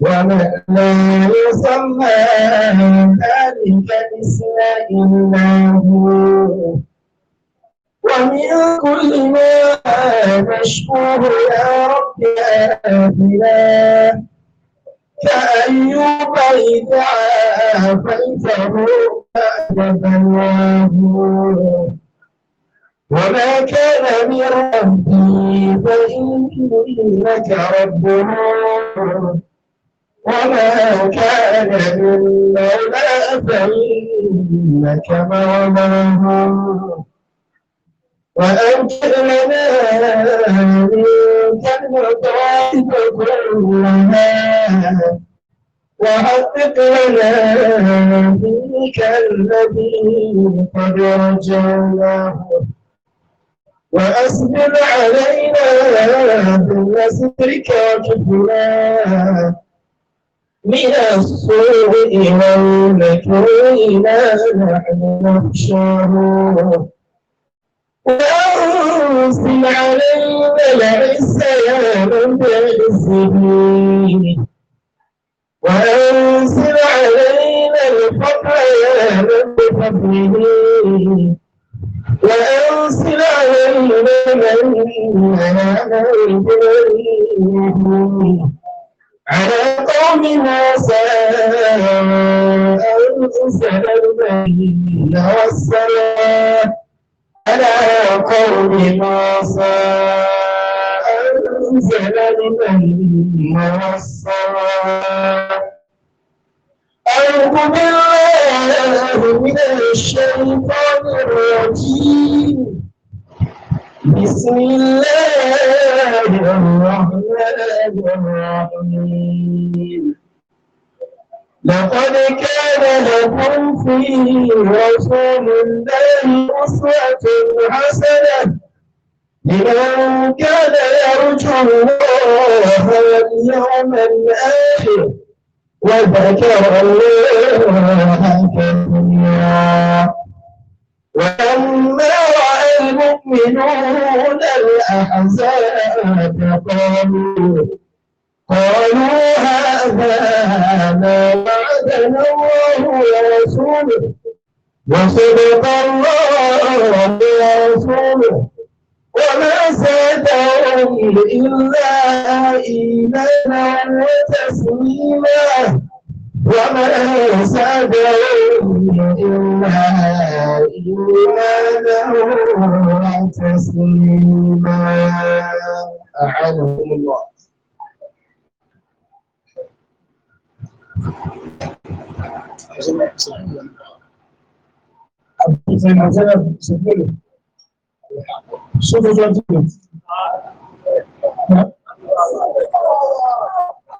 وما لا يسمى ذلك باسم إلا هو ومن كل ما نشكوه يا رب آتنا فأيوب إذا عافيته فأجبناه وما كان من ربي فإنك رب وما كان من مولى فإنك مولاهم وأنكر لنا منك المطائف كلها وحقق لنا فيك الذي قد رجعناه وأسبل علينا بنصرك وكفناه من السوء والمكروه نحن نحشره وأنزل علينا العصيان الكاذبين وأنزل علينا الفقيان بفضله وأرسل علينا من على الجليل على قومنا ساء أنزل البين والسلام على قومنا ساء أعوذ بالله من الشيطان الرجيم بسم الله الرحمن الرحيم لقد كان لكم في رسول الله أسوة حسنة لمن كان يرجو الله واليوم الآخر وذكر الله كثيرا ولما المؤمنون الأحزاب قالوا قالوا هذا ما وعدنا الله ورسوله وصدق الله ورسوله وما زادهم إلا إيمانا وتسليما وما يسعدون إلا إيمانا تسليما أعانهم الله شوفوا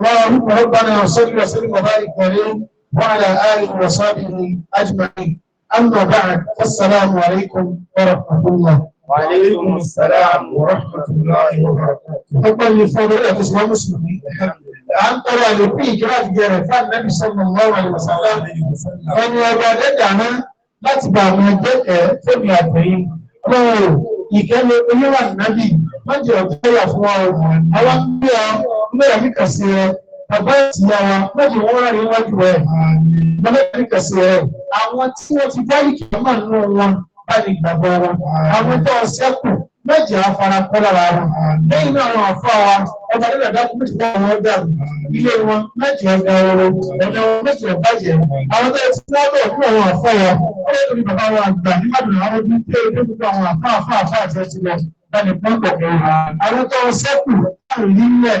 اللهم ربنا صل وسلم وبارك عليه وعلى اله وصحبه اجمعين اما بعد السلام عليكم ورحمه الله وعليكم السلام ورحمه الله وبركاته تفضل لفضيله الاسلام المسلمين الحمد لله عن طريق في اجراء جرفان النبي صلى الله عليه وسلم ان يبادلنا láti bá àwọn ẹgbẹ́ ẹ̀ tóbi àtẹ̀yìn lọ́wọ́ ìkẹ́lẹ̀ oníwà nàbì májèlé ọ̀gbẹ́yà fún wa ọ̀gbọ̀n mẹ́rin ní kàsí rẹ̀ bàbá ìtìyà wa mẹ́rin wọ́n rẹ̀ níwájú rẹ̀ bàbá ìtìyà ní kàsí rẹ̀ àwọn tí wọ́n ti dárí kìámà nù wọn bá ní gbàgbọ́ wọn àwọn tó ṣẹ́kù mẹ́jẹ̀ afara kọ́ lára wọn lẹ́yìn náà àwọn àfọ́ wa ọba nílẹ̀ dákú méjì bá wọn dàrú ilé wọn mẹ́jẹ̀ ọ̀gá ọ̀rọ̀ ọ̀nà wọn mẹ́jẹ̀ bàjẹ́ àwọn tó ti wá bọ̀ fún àwọn àfọ́ wa ó lè tóbi wa àgbà ní màdùn àwọn ojú pé ó tóbi àwọn àfọ́ àfọ́ àfọ́ àti ẹtì lọ bá ní pọ́ńpọ̀ kẹwàá àwọn tó ṣẹ́kù láàrin nílẹ̀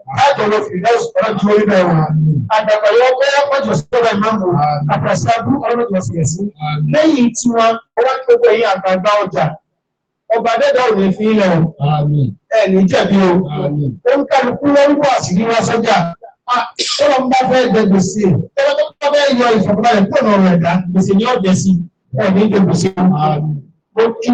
ajọlọ fìdáwùsì ọlọ́jọ́ orí bẹ́ẹ̀ wà. àdàpàyọ ọkọ̀yà pọ̀jù sọ́dọ̀ ìmáàmù àtàṣàbù ọlọ́jọ́ sílẹ̀ sí. lẹ́yìn tí wọ́n wá gbogbo ẹ̀yìn àgbààgbà ọjà ọba dẹ́dọ̀ ò ní fi ń lọ ẹ̀ ní jẹ̀bi o. ó ń kálukú ló ń wà sí níwá sọ́jà. ọlọ́ ń bá fẹ́ jẹ gbèsè ẹ̀rọ tó bá fẹ́ yọ ìfọ̀kànbalẹ̀ kúrò lọ́rọ̀ ẹ̀dá gbèsè ni ọ̀jẹ̀ sí ẹ̀ ní jẹ gbèsè. mo kí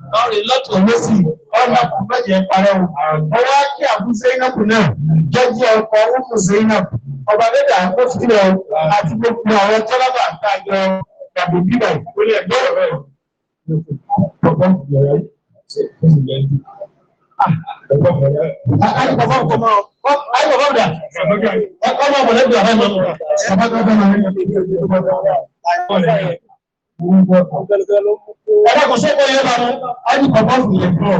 lọ́rẹ̀ lọ́tọ̀ lọ́sì ọ̀nàkùn mẹ́jẹ̀ parẹ́ o. ọwọ́ akí àbú Zainabu náà jẹ́jẹ́ ọkọ̀ ọ̀hún Zainabu ọba lẹ́dà ó fi lọ àti gbogbo àwọn tọ́lábà àtàjọ tàbí bíbà ìkólẹ̀ bẹ́ẹ̀ bẹ́ẹ̀. Ayi bàbá ọkọ ma ọ, ayi bàbá ọdà, ọkọ ma ọmọ lẹ́gbẹ̀ẹ́ àbájọ. Ẹ̀rọ kò sọ́kọ̀ yẹn bá wọn, á ní bàbá òfin yẹn fún ọ.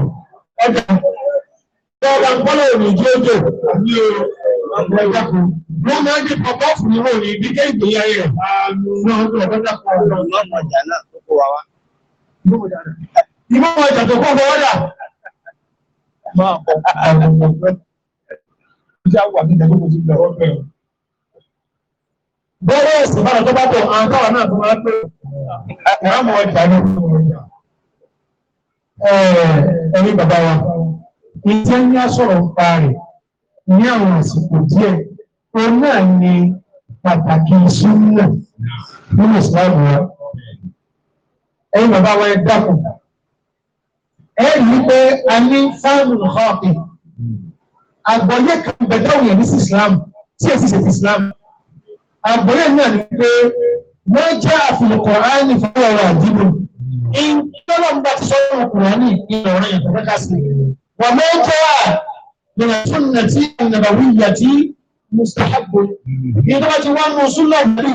Ọjà ìjọba ìpọ́nlẹ̀ òrìjì òjò àbí ọjà kan. Wọ́n máa ń di bàbá òfin wọn ní ìdíkẹ́ ìgbéyà rẹ̀. Àwọn ọmọ ọjà kan ọmọ ọjà náà tó kó wa wá. Ìmọ̀ ọjà tó kọ́ fọwọ́ dà. Máa bọ̀ ọ̀pọ̀ ọ̀pọ̀ ọ̀pọ̀ ọ̀pọ̀ ọ̀pọ̀ bẹ́ẹ̀ ẹ̀sìn bára tó bá tọ̀ àwọn táwọn náà tó máa pé ìhàmù ọjà ní ẹ̀rí bàbá wa ìjẹ́ ní asọ̀rọ̀ ń pa rẹ̀ ní àwọn àsìkò díẹ̀ òun náà ni pàtàkì súnmọ́ nínú ìsìláàmù wa ẹ̀yin bàbá wa ẹ dákun ẹ rí pé a ní fáànù hàn àgbọ̀yé kan bẹ̀dáwò yẹn ní sí ìsìláàmù tí èsì ṣe ti ìsìláàmù àgbọ̀lẹ̀ náà ni pé wọ́n jẹ́ àfihàn àìní fún ọ̀rọ̀ àdìbò ìjọba ń bá ti sọ́rọ̀ ọkùnrin ní ìrọ̀rùn ìfọ̀kẹ́kà sí wọ́n mọ́ jẹ́ àgbọ̀lẹ̀ súnà tí ìnàbà wíyà tí mustahabu ìjọba ti wá mú súnà bí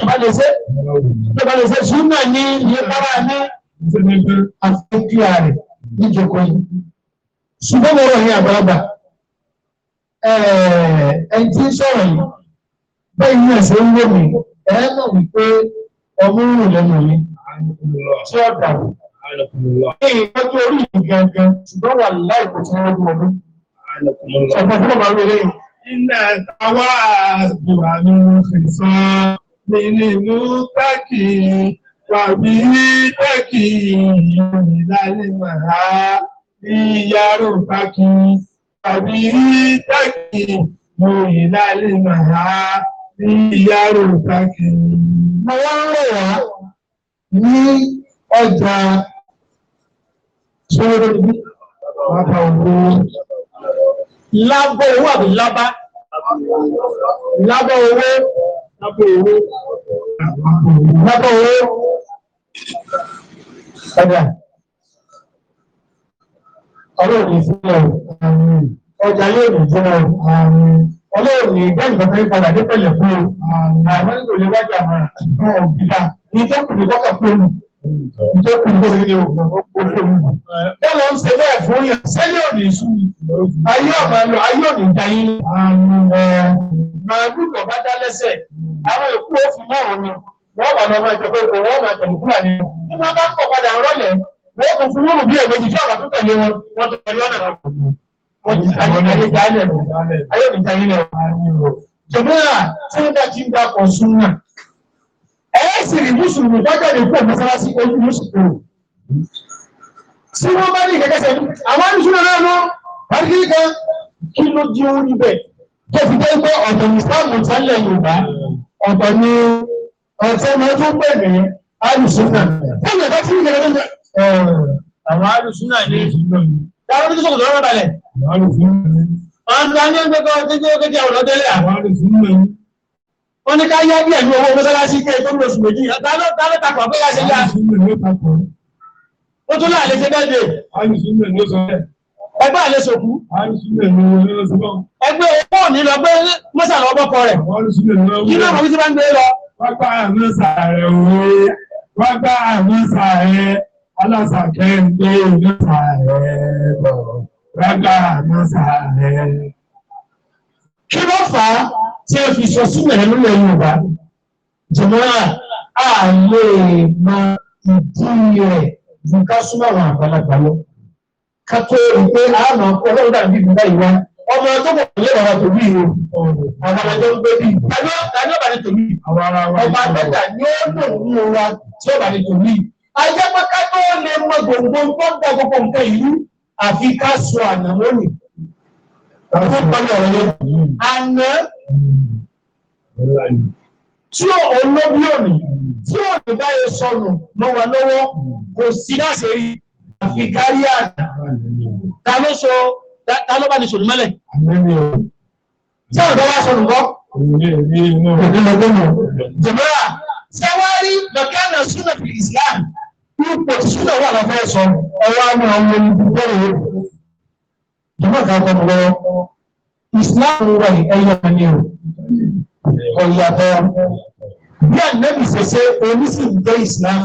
ìbálẹ̀ṣẹ́ súnà ní ìyẹ́pára ní àfikíà rẹ̀ níjókòó yìí ṣùgbọ́n mo rọ̀ ní àgbàlagbà ẹ̀ẹ́n tí ń sọ̀rọ̀ yìí Bẹ́ẹ̀ni ẹ̀sẹ̀ ń wò mí, ẹ mọ̀ wípé ọmọ ń rìn lẹ́nu mi. Ṣé ọ̀dà? Ṣé ìtọ́jú orí yìí gangan? Ṣùgbọ́n wà láì kò tí wọ́n gbọ́ ọdún. fún ọmọ mi lẹ́yìn. Iná àwa àdùrà ló ń fi sọ nínú ìlú Tẹ́kì wàbí Tẹ́kì ìrìnlálẹ́ màá ní yàrá òpákì wàbí Tẹ́kì ìrìnlálẹ́ màá ní ilé arúgbó káàkiri. Àwọn ń rẹ̀ wá ní ọjà sọ́wọ́dọ́ ibi bàbá ògbó. Lábọ̀ owó àbí lábá? Lábọ̀ owó. Lábọ̀ owó. Lábọ̀ owó. Ọjà. Ọlọ́run ìfúnná ọjà yóò dùn fún ọ ọlọ́ọ̀ni ìgbẹ́jọ́ fẹ́ padà dé pẹ̀lẹ́ fún un àwọn ìlú ilé wájà máa fún ọ̀gbìdá ní tó kù ní kọ́kà fún un ní tó kù lórí ní òkú fún un. bẹ́ẹ̀ ló ń ṣe bẹ́ẹ̀ fún yàn sẹ́yìn òní ìṣú ayé ọ̀mà lọ ayé òní dayín màálù lọ bá dá lẹ́sẹ̀ àwọn èkú òfin márùn ni wọ́n wà lọ́mọ ìjọba èkó wọ́n wà tẹ̀lé fúlàní ní wọ́n bá kọ̀ padà rọ́lẹ̀ wọ́n kò fún wọn bí ẹ̀ ayọ̀mìtayílẹ̀ ayọ̀mìtayílẹ̀ jọ̀mọ́ra tí wọ́n dá kí n dá kọ̀ sún náà ẹ̀ ẹ́ sì rí mùsùlùmí wájáde kú ọ̀mọ́sálásí ojú mùsùlùmí tí wọ́n bá ní kẹ̀kẹ́ sẹ́yìn àwọn àdúgbò náà lọ wájú kan kí ló di ohun níbẹ̀ tó fi dé pé ọ̀tọ̀ ní sáàmù sálẹ̀ Yorùbá ọ̀tọ̀ ní ọ̀tọ̀ ní ọdún pẹ̀lú alùsùnà fún ìgbà tí wọ́n kẹ̀kẹ́ àwọn alùsùnà ní ìlú lónìí. Ọ̀nà ní gbogbo ọdún tí ó kéde àwọn ọ̀dọ́ yà. Wọ́n ní ká yá bí ẹ̀mí owó mọ́sálásí kẹ́ ìtọ́ mi oṣù méjì. Dáná takọ̀ pé yá ṣe yá. Ó tún láàlẹ́ ṣe bẹ́ẹ̀ dé. Ẹgbẹ́ àlẹ́ sòkú. Ẹgbẹ́ owó ní lọ pé mọ́sálà ọgbọ́kọ rẹ̀. Kí ló mọ̀ bí ti bá ń gbé lọ? Wọ́n gbá àmì sàárẹ̀ òwe. Wọ́n gbá àmì sàárẹ̀ alásàkẹ́ ń gbé ìlú sàárẹ̀ bọ̀ rárá àmọ́sà rẹ̀. kí ló fà á tí a fi sọ sílẹ̀ nílẹ̀ yorùbá jẹ̀mọ́ra a lè mọ ìdí rẹ̀ fún ká súnmọ́ àwọn àgbàlagbà lọ. ká tó o pé a máa kọ́ ọlọ́run dàbí ìgbà ìwá ọmọ tó kọ̀ lé bàbá tòbí o àwọn ọmọdé ń gbé bí dájọ́ dájọ́ bá ní tòbí ọba àgbẹ̀dà ni ó lò ń wa tí ó tòbí. ayé pátá tó lè mọ gbòǹgbò ń bọ̀ àfi ká sọ àná lónìí. Àwọn ọ̀pọ̀lọpọ̀ ọ̀rọ̀ yẹn àná tí olóbi òní tí òní báyìí sọnù lọ́wọ́ lọ́wọ́ kò sí láṣẹ rí àfi kárí àná. Ta ló sọ ta ló bá ní sọnù mọ́lẹ̀? Ṣé ọ̀dọ́ wa sọnù kọ́? Jẹ̀mọ́ra ṣé wá rí lọ́kẹ́ àná súnà fi Islam ipò ìṣúná wà lọ́fẹ́ sọ ọwọ́ àwọn àwọn olùdókòwò rẹ̀ jọba kan kọ́ lọ Islam wà ní ẹyọ ní o ọ̀yàtọ̀ bí ànábì ṣẹṣẹ oníṣì ń jẹ́ Islam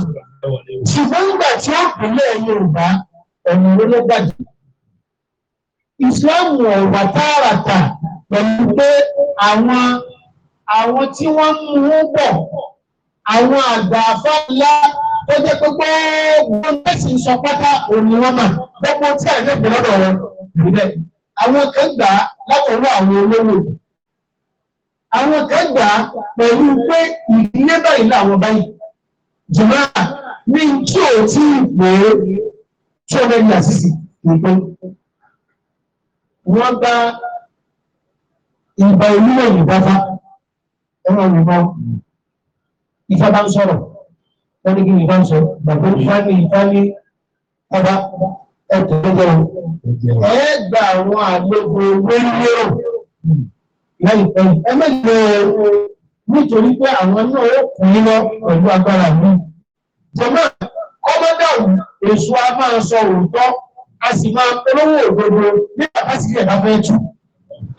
ṣùgbọ́n nígbà tí ó pínlẹ̀ Yorùbá ọ̀nà owó ló gbàjẹ́ Islam ọ̀wà tààràtà pẹ̀lú pé àwọn àwọn tí wọ́n mú bọ̀ àwọn àgbà afáńlá ó jẹ́ pé gbogbo mẹ́sì ń sọ pátá òní wọn mà gbogbo tí àìní ìpè lọ́dọ̀ wọn ìbílẹ̀ àwọn kan gbà á látọ̀rọ̀ àwọn olówó àwọn kan gbà á pẹ̀lú pé ìdílé báyìí làwọn báyìí jùmọ́ ní tí ò tí ì pè é tí ó lẹ́yìn àṣìṣe nìkan wọ́n bá ìbá olúwẹ̀ ìbáfá ẹ̀rọ ìbọn ìfọ̀bá wọ́n ní kí ni bá ń sọ gbàgbọ́ fáìlì fáìlì ọba ẹ̀tọ́ ẹ̀jẹ̀ o ẹ̀ gba àwọn àlejò rédíò láìpẹ́ ẹ mẹ́jọ nítorí pé àwọn náà ó kún iná pẹ̀lú agbára mi jọ̀mọ́ kọ́mọ́dà èso a máa sọ òótọ́ a sì máa polówó òdodo nígbà pásítì ẹ̀ka fẹ́ tú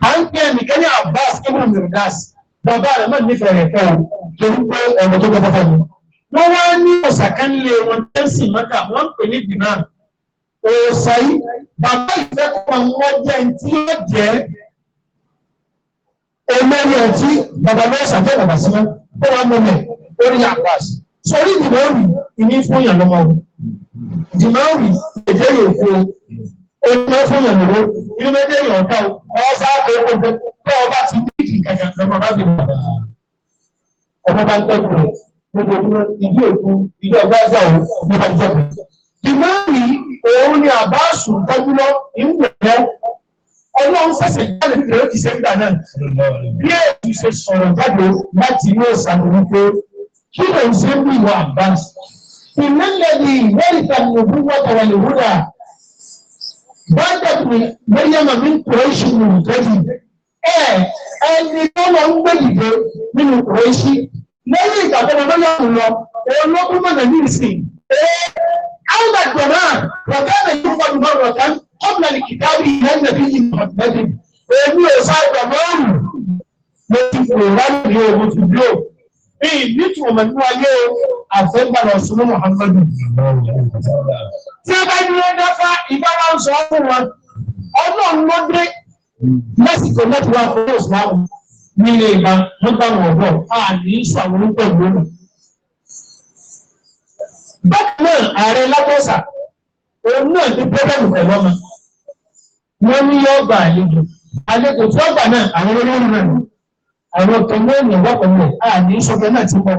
à ń pè nìkan ní Abbas kébùrù mìíràn dáàsì bàbá rẹ̀ mọ̀ nífẹ̀ẹ́ rẹ̀ fẹ́ o torí pé ọ̀rọ̀ tó gbọ́ fẹ́ mi wọ́n wá ní ọ̀sàkánlé wọn tẹ́sí mẹ́ta wọ́n ń pè ní dinar òòsà yìí bàbá ìfẹ́kọ̀ọ́ wọn jẹ́ tí ó jẹ́ olórí ọtí bàbá náà ṣàjẹ́ bàbá sí wọn ó wà mọ́mẹ́ orí àpàṣ sórí dìmọ́rì ìní fún yàn lọ́mọ o dìmọ́rì èdè yóò fún o onímọ̀ fún yàn lọ́wọ́ inú méjì yàn ọ̀tá o ọ̀ọ́ sáà pé o fẹ́ tó ọba ti ní ìkẹ̀kẹ̀ lọ́mọ bá fi ọmọ bá ń tẹ́kọ̀ọ́ lójoojúmọ́ ìdí òkun ìdí ọgbàza òun ní ọjọ́ mi. ìmáàmì òun ni ọlọ́run fẹsẹ̀ jáde pé ó ti náà. bí èyí ṣe sọ̀rọ̀ jáde láti inú ìsàmì wípé kí ló ń ṣe ń bí ìwọ àbáṣù. ìmọ̀lẹ̀ ni ìwẹ́rì tàbí òbí wọ́tọ̀rọ̀ lè wúrà. bọ́dọ̀kùnrin mẹ́yàmà mi ń kọ́ ìṣù ẹni tó lọ ń gbé dìde nínú kùrẹ́sì lẹ́yìn ìgbà tó wọn lọ́yọ̀ lọ òun ló kún mọ̀nà ní ìsìn ee àwọn àgbẹ̀ náà rọ̀tá nàìjíríà fún ọdún márùn rọ̀tá ọ̀bùnà ní kìtàbí ìyẹn nàbí ìmọ̀lẹ́bí èmi ò sá àgbà márùn mo ti fò láti rí ogun ti dúró bí nítorí ọmọ nínú ayé àfẹ́gbàlà ọ̀sùn muhammadu. tí a bá dúró dáfá ìbára ń sọ fún wọn ọlọ́run ló dé nílé ìgbà wọ́n táwọn ọ̀dọ́ a ní sàwọn pẹ̀lú òun. bákan náà ààrẹ lágbọ́sà òun náà ní pẹ́ẹ́lẹ́mù pẹ̀lú ọmọ wọ́n ní yọ ọgbà àlejò àlejò tí ọgbà náà àwọn olórí rẹ̀ àwọn ọ̀tọ̀ náà ní ọgbà pẹ̀lú a ní sọ́kẹ́ náà ti bọ̀.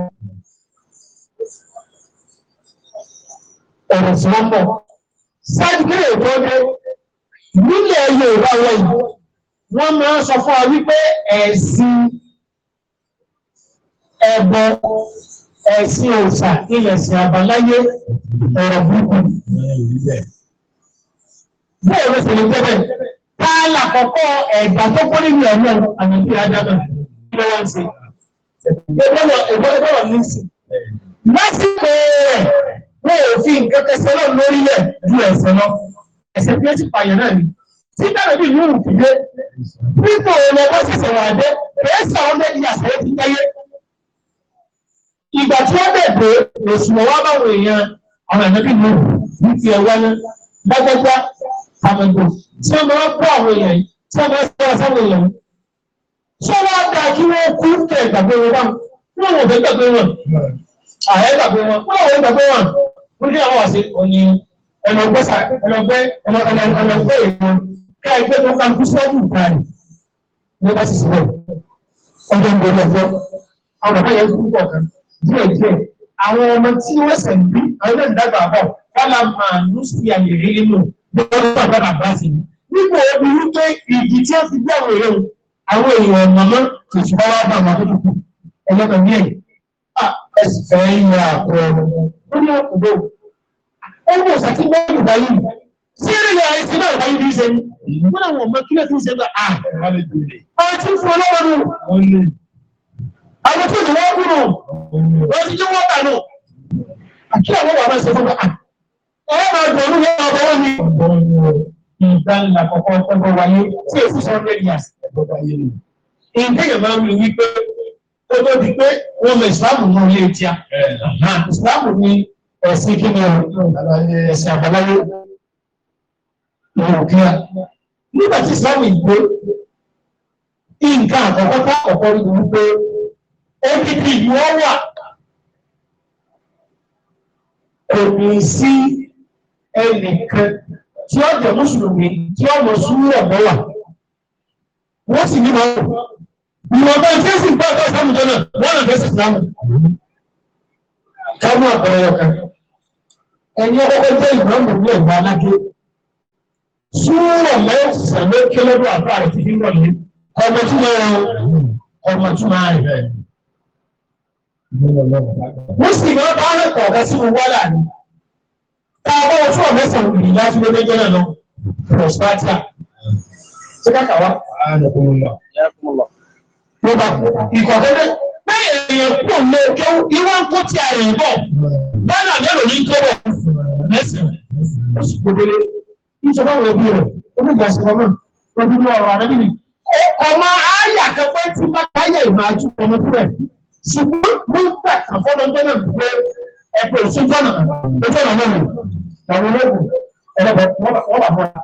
ọ̀rọ̀ tí wọ́n mọ̀ sáàdì kí lè tọ́jú nílẹ̀ Yorùbá wọ̀nyí wọ́n máa sọ fún ọ wípé ẹ̀sìn ẹbọ ẹ̀sìn òòṣà ilẹ̀ sí àbáláyé ọ̀rọ̀ burúkú. Bẹ́ẹ̀ ló ṣe lè jẹ́ bẹ́ẹ̀. Táàlà àkọ́kọ́ ẹ̀dá tó kọ́ nínú ẹ̀mọ́ àyànfi Ádámà ló wá ń ṣe. Ìgbọ́dọ̀ ní sí. Lásìkò rẹ̀ wọ́n ò fi nǹkan kẹsẹ̀ náà lórílẹ̀ ju ẹ̀sẹ̀ lọ. Ẹ̀sẹ̀ tí ó ti pààyàn náà ni títàrí bí yóò fi yé pípò lọ́wọ́ sísè wà dé pèsè àwọn ọmọdé yàtọ̀ ti dáyé. ìgbà tí wọ́n bẹ̀rẹ̀ òṣùwọ̀n wá báwọn èèyàn àwọn ẹ̀nàbí yóò ní ti ẹ̀ wáyé gbágbágbá àmọ̀gbò tí wọ́n máa ń kó àwọn èèyàn yìí tí wọ́n máa ń sọ́ra sáwọn èèyàn yìí. tí wọ́n wá dáa kí wọ́n kú kẹ̀ gbàgbé wọn wá wọn ò fẹ́ gbàgbé wọn ààrẹ gbàgbé wọn wọn ò fẹ́ gbàgbé wọn wọn ní kí ẹ gbé lọ́ka gúúsùlọ́ọ̀mù ìbàdàn ní bá sì sílẹ̀ ọjọ́ ń gbọ́dọ̀ fọ́ àwọn bàbá yẹn kú pọ̀ kan díẹ̀ díẹ̀ àwọn ọmọ tí wọ́n sẹ̀ ń bí àwọn náà ń dàgbà bọ̀ wọ́n la máa nù sí àyè rí nínú lọ́wọ́ bàbá bá sí i nígbà omi wípé ìdí tí ó fi gbé àwọn èèyàn àwọn èèyàn màmá kò sí wáwá bá àwọn akókò kù ẹlọ́kàn ní ẹ̀yìn ẹ sì fẹ́ yà àkọ́ ọ̀rọ̀ wọn ó ní àkùdó ó ń bọ̀ sàkíńdọ́ ìgbà yìí sí ẹ̀rẹ́ yà ẹ̀sìn náà wáyé bí sẹ́yìn wọ́n àwọn ọmọ kílẹ̀ tó ń sẹ́yìn náà ah àwọn tí ń fún ọlọ́wọ́ àwọn tí ń wọ́n kúrò wọ́n ti jẹ́ wọ́n kà nù àti àwọn wà máa ṣe fún ah ọ̀rọ̀ máa dùn ún lọ́wọ́ ọ̀bọ̀ ni. ìdánilà kọ̀kọ́ ọgbọ́n wáyé tí èsì sọ hundred years ọgbọ́n wáyé ni. ìdẹ́yẹ̀ máa ń lu wípé ó tó di pé wọ́n mọ ìsìlámù náà lé tíá ìsìlámù ni ẹ̀sìn kí ni ẹ̀sìn àbáláyé lọ́rùn kíá nígbà tí islam ìgbé nǹkan àkọ́kọ́ tá àkọ́kọ́ rí wọn pé odidi ni wọ́n wà kò ní sí ẹnìkan tí ó jẹ́ mùsùlùmí tí ó mọ̀ súnmọ́ mọ́wà wọ́n sì ní wọn ìwọ̀nba ìfẹ́sìn gbọ́ ọ̀tọ̀ ìsìlámù jọ náà wọ́n náà fẹ́sìn ìsìlámù káwọn àpẹẹrẹ ọkàn ẹni ọkọ̀ jẹ́ ìmọ̀ọ́mù ní ẹ̀gbọ́n alágbé súnwọ̀ mẹ́sàn ló ké lọ́dún àbá rẹ̀ ti níwọ̀n yìí ọmọ tí máa rẹ̀ ọmọ tí máa rẹ̀. Wọ́n sì máa bá rẹ̀ pọ̀ ọ̀gá sínú wálà ni. Tá a bá wọn súnwọ̀ mẹ́sàn òbí láti ló déjọ́ náà lọ. Prospatia. Ṣé ká kàwá? Ló bá ikọ̀ kẹ́kẹ́. Bẹ́ẹ̀ èèyàn kò lè kó ìwọ ń kó ti àyè bọ̀. Bẹ́ẹ̀ náà mélòó ní kébọ̀? Mẹ́sàn-án ń sọ fáwọn ẹbí rẹ̀ ó ní ìgbà ìsìnkú náà lójú ní ọ̀rọ̀ àrẹ́bí ọmọ àyà kẹfẹ́ tí bá káyà ìmọ̀ àjú ọmọ fúnra ẹ̀ ṣùgbọ́n mo ń gbà àfọ́lọ́jọ́ náà pé ẹ̀pẹ̀ ìṣèjọ́nà ìṣèjọ́nà náà rẹ̀ làwọn ológun ẹ̀rọ wọ́n wà fúnra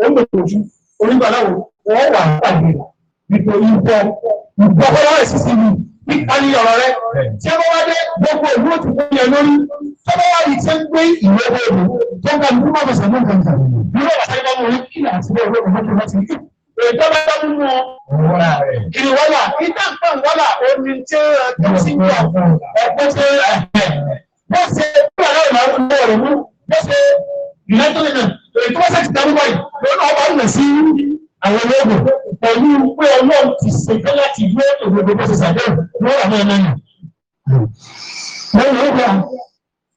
ó ń bèèrè ojú onígbàláwo wọ́n wà pàdé nítorí ìbọn ìbọ́kọ́lọ́wọ́ ẹ̀sìn sí mi ìpani ọ̀rọ̀ rẹ tí a bá wá dé gbogbo ìlú òtún fún yẹn lórí tí a bá wá rí tí a ń gbé ìwé bòòlù tó ń ga ní mímọ́ ọ̀sán ló ń gbàgbà mímọ́ ọ̀sán ló ń rí kí àti bẹ́ẹ̀ ló ń mọ́tò láti rí. Èdè bá bá mú wọn kiri wọ́là iná nǹkan wọ́là omi tí ó tó sí ń bọ̀ ọ̀pọ̀ tó ẹ̀ bó ṣe kúrò náà máa ń bọ̀ rẹ̀ mú bó ṣe ìlẹ́tọ̀lẹ̀ náà ètò ọ̀sẹ̀ ti dàrú báyìí lọ́nà ọba àwọn olóògùn pẹ̀lú pé ọlọ́run ti ṣètò láti gbé òdodo bó ṣe ṣàdéhùn wọ́n wà náà náà. lẹ́yìn ìgbà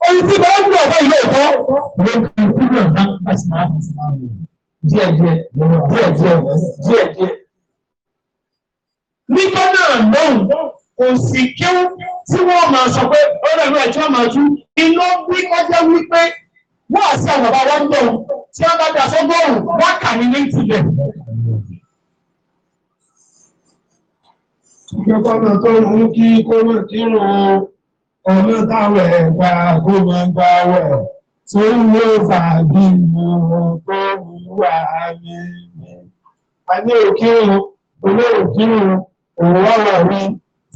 ohun tí bá ń gbọ̀ fún ilé ẹ̀kọ́ ló ń kí kí náà bá bá sì máa fi máa lò díẹ̀ díẹ̀ díẹ̀ díẹ̀ díẹ̀ díẹ̀. nígbà náà lóhùn kò sì kéwú tí wọ́n máa sọ pé ọ̀rọ̀ ìlú ẹ̀jọ́ máa tú iná wí kọjá wípé wọ́n àti àwọn bàbá wọn dọ̀hùn tí wọ́n bá dà sọ́gọ́rùn-ún wákàtí ní tìlẹ̀. Ìjọba tó mú kí kó mọ̀ kírun ọmọ táwọn ẹ̀gbà kó mọ̀ wẹ̀ tó ń lò fàbí mọ̀ tó ń wà ní ilé. A ní òkírun, olé òkírun, òun wà wà rí,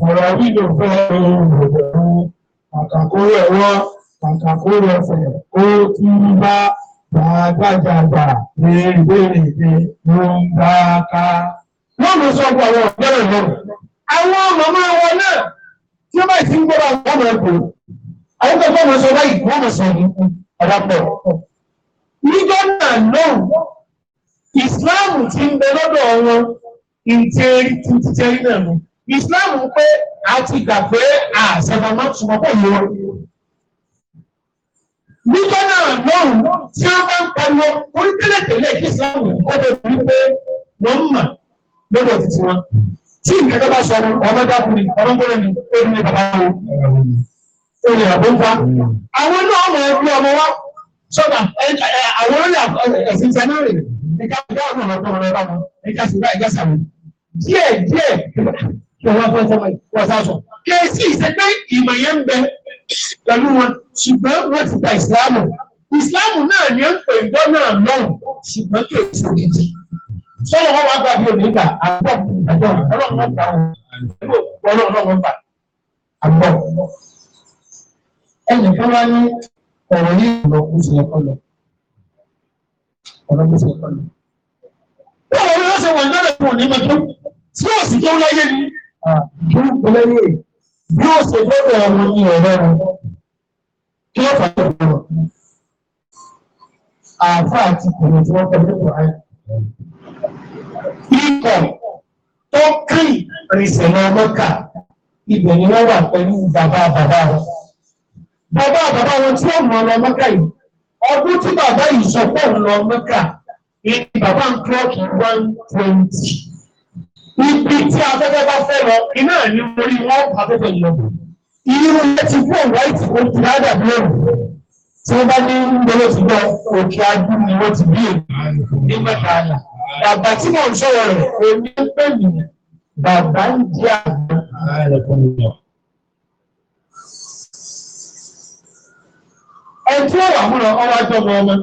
ọ̀rọ̀ rí ló fẹ́ ohun ìrọ̀rùn, àkàkó wọ́n, àkàkó rẹ̀ ó ti ń bá gbàgbàgbà ní ìbéèrè ìdè ló ń bá ká. Wọ́n mú sọ́kọ̀ àwọn ọ̀gbẹ́rẹ̀ náà àwọn màmá wọn náà tí wọ́n bá ti ń gbọ́dọ̀ àwọn ọmọ ẹ̀kọ́ àwọn kan tó wọ́n sọ báyìí wọ́n mọ̀ sọ yìí ọ̀dàpọ̀. níjọ́ náà lóhùn ìsìláàmù ti ń bẹ lọ́dọ̀ wọn ìtẹ́rí tìtẹ́rí náà lọ. ìsìláàmù pé a ti gbà pé àṣàbà máa túnmọ̀ pọ̀ lọ́wọ́. níjọ́ náà lóhùn tí wọ́n bá ń pariwo orí tẹ́lẹ̀tẹ́lẹ̀ kí ìsìláàmù kọ́ wípé wọ́n mọ̀ lọ́dọ̀ tuntun wọn tí ìgbẹ́jọ́ bá sọ ọlọ́dàkùnrin ọlọ́gbọ́n ni ó ní bàbá wọn ó lè rà bó ń fa. àwọn náà mọ̀ ẹbí ọmọ wa sọ́dà àwọn olè ẹ̀sìn sanárè nígbà tó àwọn ọmọ ọmọ rẹ bá wọn nígbà tó bá ìgbà sàmù díẹ̀ díẹ̀ kí wọ́n fọ́ fọ́ wọ́n sá sọ. kèésì ìṣẹ́gbẹ́ ìmọ̀ yẹn ń bẹ pẹ̀lú wọn ṣùgbọ́n wọ́n ti ta ìsìláàmù ìsìláàmù náà ni ó ń pè ń gbọ́ náà lọ́wọ́ ṣùgbọ́n kèésì òkèjì sọ́nà wọn wàá gba bí omi gbà àgbọ̀ àgbọ̀ ọlọ́run wọn gbà wọn ọlọ́run wọn gbà àgbọ̀. ẹnì kan wá ní ọ̀rọ̀ yìí lọ kó tilẹ̀ kọ́ lọ ọ̀rọ̀ kó tilẹ̀ kọ́ lọ. báwo ni wọ́n ṣe wọ̀ ìdáná fún òní mẹ́tọ́ tí yóò sì jẹun láyé ni. bí ó gbọ́dọ̀ yé bí ó ṣe gbọ́dọ̀ ọmọ ní ọ̀rọ̀ rẹ̀ kí ó fà á lọ́wọ́ àáfàá àti kòmọ̀tì wọn pẹ̀lú ìwà ikọ̀ tó kàn rìnsẹ̀ lọ mọ́kà ibẹ̀ ni wọ́n wà pẹ̀lú bàbá bàbá wọn. bàbá bàbá wọn tí wọ́n mọ̀ lọ yìí ọdún tí bàbá yìí sọ pé òun lọ mọ́kà ni bàbá ń kílọ̀kì one twenty. ibi tí afẹ́fẹ́ bá fẹ́ lọ iná ní orí wọn afẹ́fẹ́ lọ. irú ẹ̀ ti fún ọ̀rọ̀ àìsí kò kí á dàbí ẹ̀rù tí wọ́n bá ní ń gbọ́dọ̀ ti gbọ́ òkè agbóhùn ni wọ́n ti bí èèyàn nígbà bàbá tí mò ń sọ̀rọ̀ rẹ̀ èmi ń pè mí bàbá ń jẹ́ àgbọn. ẹtí ọ̀rọ̀ àmúlò ọwọ́ ajọ́ ọmọ ọmọ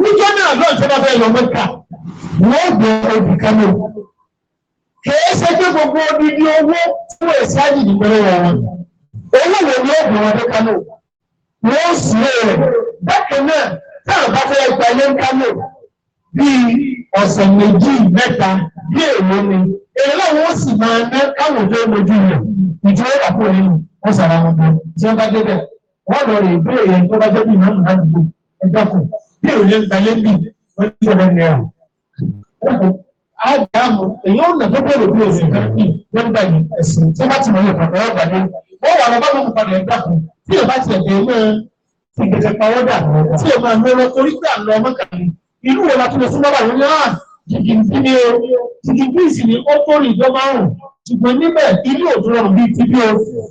níjọ́ náà lọ́ọ̀ tí wọ́n fẹ́ lọ mẹ́ta wọ́n gbọ́ obì kánú kìí ṣe pé gbogbo odidi owó tí wọ́n ṣáàjì ìgbẹ́rẹ́ wọn owó wo ni ó gbọ́ ọdún kánú wọ́n sì rẹ̀ bákan náà táwọn bá fẹ́ gba ilé kánú bíi ọ̀sẹ̀ méjì mẹ́ta bí èèwọ̀ ni èrè láwọn ó sì máa ná káwọn tó lójú rẹ̀ ìjọba àpò nínú wọn sàrà wọn bọ tí wọn bá débẹ̀ wọn lọ rè bí èèyàn tó bá jẹ́ bí ìmọ̀ náà dùn ẹjọ́ kù bí èèyàn ń gbalẹ́ bì wọ́n ti sọ̀rọ̀ ní ẹ̀rọ. Ádámù èyí ó nà tó bẹ̀rẹ̀ bí òsì kàkì wọ́n gbà yìí ẹ̀sìn tí wọ́n ti mọ̀ ní ìpàdé ọgbà dé. Wọ́n wà lọ́ba lóko padà ẹ̀dá kan tí yóò bá tiẹ̀ dé mọ́ ti gẹ̀gẹ̀ tí yóò máa mẹ́rọ torí irú wo la tún lè fún bàbá yìí náà jìgìǹtì ni o jìgìǹtì sì ni ó tó rìn ìjọba àrùn ṣùgbọ́n níbẹ̀ ilé òtún rọrùn bíi ti bí o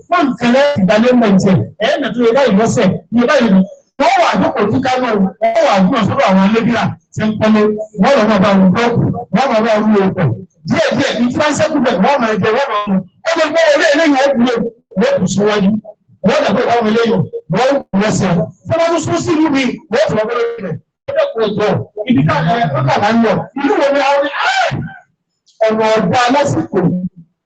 wọ́n kàn lẹ́ ìdálé mọ̀jẹ̀ ẹ̀ ẹ́ nàtó yẹ báyìí lọ́sẹ̀ yẹ báyìí lọ wọ́n wà àjọpọ̀ tí ká lọ wọ́n wà àjọpọ̀ sọ́dọ̀ àwọn alébíà ṣe ń pọ́nlé wọ́n lọ́ máa bá wọn bọ́ wọ́n máa bá wọn lọ́pọ̀ díẹ̀ díẹ̀ ní tíwáṣẹ́ kúbẹ̀ wọ́n máa jẹ wọ́n máa mú ọmọ ìgbọ́ wọlé eléyìí ó gbúlé wọ́n kù síwájú wọ́n dàgbé àwọn eléyìí wọ́n kù lọ́sẹ̀ ọ̀dọ̀ ibi káàkiri ẹ̀kọ́ kàlá ń lọ ìlú wo ni àwọn ọ̀nà ọ̀dà lásìkò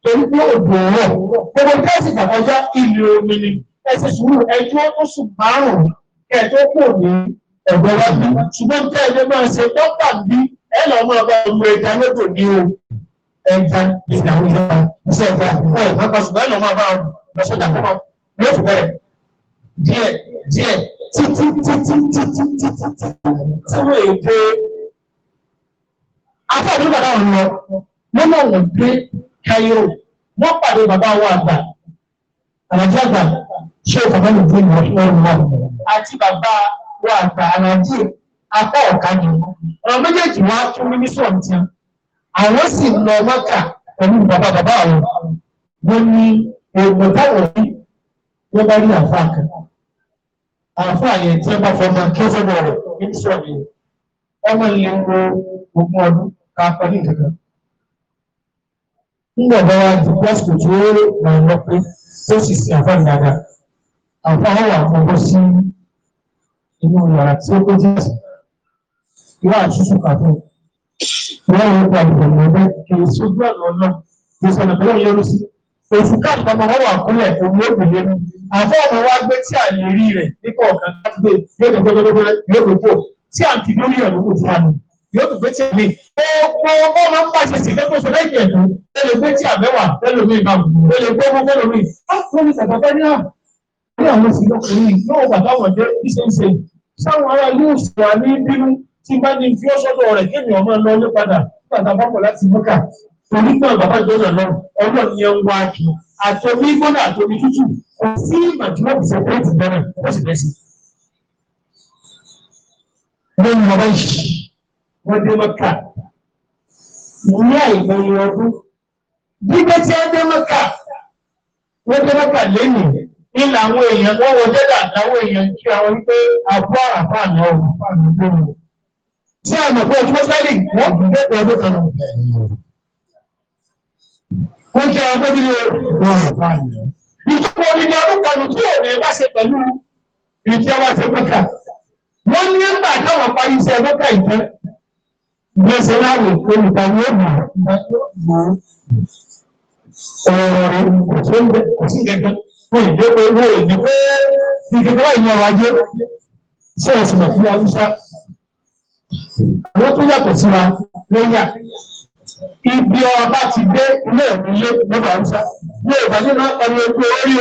torí pé òdò rọ̀ gbogbo tẹ́sí kàkọjá ilé omi ni ẹsẹ̀ sùúrù ẹjọ́ tó márùn-ún kí ẹjọ́ ní ẹ̀gbọ́n wa bí ṣùgbọ́n tẹ́ ẹjọ́ máa ṣe dọ́kítà bí ẹ lọ́ máa bá ọmọ ẹja lọ́dọ̀ ní o ẹja ìdààmú ìjọba iṣẹ́ ẹja ọ̀ ẹ̀ka ṣùgbọ́n ẹ lọ́ máa bá ọ lọ́sọ̀dà fún ọ yóò fi bẹ̀rẹ̀ díẹ̀ díẹ̀ títí títí títí títí tí wọ́n èdè afọ́jú bàbá wọn lọ wọ́n náà wọ́n dé Cairo wọ́n pàdé bàbá wọn àgbà àlàjì àgbà ṣé bàbá mi dé ìmọ̀ ìlú wọn àti bàbá wọn àgbà àlàjì apá ọ̀ka ni wọn méjèèjì wọn á tún mímísọ̀ nìkan àwọn sì lọ mọ́kà pẹ̀lú bàbá bàbá àwọn wọn ní èèmọ̀ táwọn ní wọ́n bá rí àfa kan àfọ àyè tí ẹ bá fọmọ kẹsẹbọ rẹ ní sọọbì ọmọ ilé ń wo ogún ọdún ká pẹ ní ìkankan ńgbà bá wa di pásítọ tí ó rà lọ pé tó sì sin àfọ ìdàgbà àfọ àwọn wà fọwọ́ sí inú yàrá tí ó kó jẹ sí ìwà àtúnṣe kàtó ìwà ìwà ìgbà ìgbà ìgbà ìgbà ìgbà ìgbà ìgbà ìgbà ìgbà ìgbà òsì káàdì ọmọ wọn wà kúnlẹ̀ fún lóbìnrin lórí àfọwọ́mọ wa gbé tí à ń rí rẹ̀ nípa ọ̀gá láti gbé yóò tó gbẹgbẹgbẹ yóò tó pò tí à ń fi lórí ọ̀nà kò fún àná yóò tó gbé tí à mí. ọmọ ọmọ máa ń pàṣẹ sí pé kó sọ lẹ́yìn ẹ̀dùn lẹ́lẹ̀ gbé tí àbẹ́wà lẹ́lòmíì bá wù lẹ́lẹ̀ gbé ọmọ lẹ́lòmíì. á fún mi sàgbàgbà ní àwọn òsì lọkùnrin yóò bàbá wọn jẹ ìṣẹ̀ṣe sáwọn ará yóò sọ wà ní bínú tí bá ní fi ọ́ sọ́dọ̀ rẹ̀ kéèyàn máa onígbà bàbá ìjọba náà ọlọ́run yẹn ń wá kí àtọ́bí gbọ́dọ̀ àtọ́bí tútù kò sí màjúmọ́ ìṣẹ́ pẹ́ẹ́tì náà wọ́n sì bẹ́ sí. wọ́n mọ báyìí wọ́n dé mọ́kà ní àìmọye ọdún gbígbé tí wọ́n dé mọ́kà wọ́n dé mọ́kà lẹ́nu ilà àwọn èèyàn wọ́n wọ dẹ́dà àtàwọn èèyàn kí àwọn wípé àbúrò àràfà náà wọ́n fà mí lóru. tí àmọ̀ fún ọjọ́ sẹ́yìn wọ́n kún dẹ́gbẹ̀ẹ́ ọdún kan náà kó jẹ́ ọgbẹ́ o wọ́n rẹ̀ báyìí. Ìjọba onídìí orúkọ ni tí òun ẹ̀ bá ṣe pẹ̀lú ìjọba ti mẹ́ta. Wọ́n ní nígbà táwọn parí iṣẹ́ mẹ́ta ìtẹ́. Gbèsè láàyè olùkọ́ ni ó bù ú. Ọ̀rọ̀ rẹ̀ kò tó ń bẹ̀ kò sí gẹ́gẹ́. Wọ́n ìjọ pé owó èdè pé ìjọba ìyẹn ọrọ̀ ajé ṣé ẹ̀sìn mọ̀ fún Haúsá. Àwọn tó yàtọ̀ síra ló yà ibi ọba ti dé ilé ìwúlé lọ́ba Hausa ní ìbàdí náà ọ̀nà ètò orí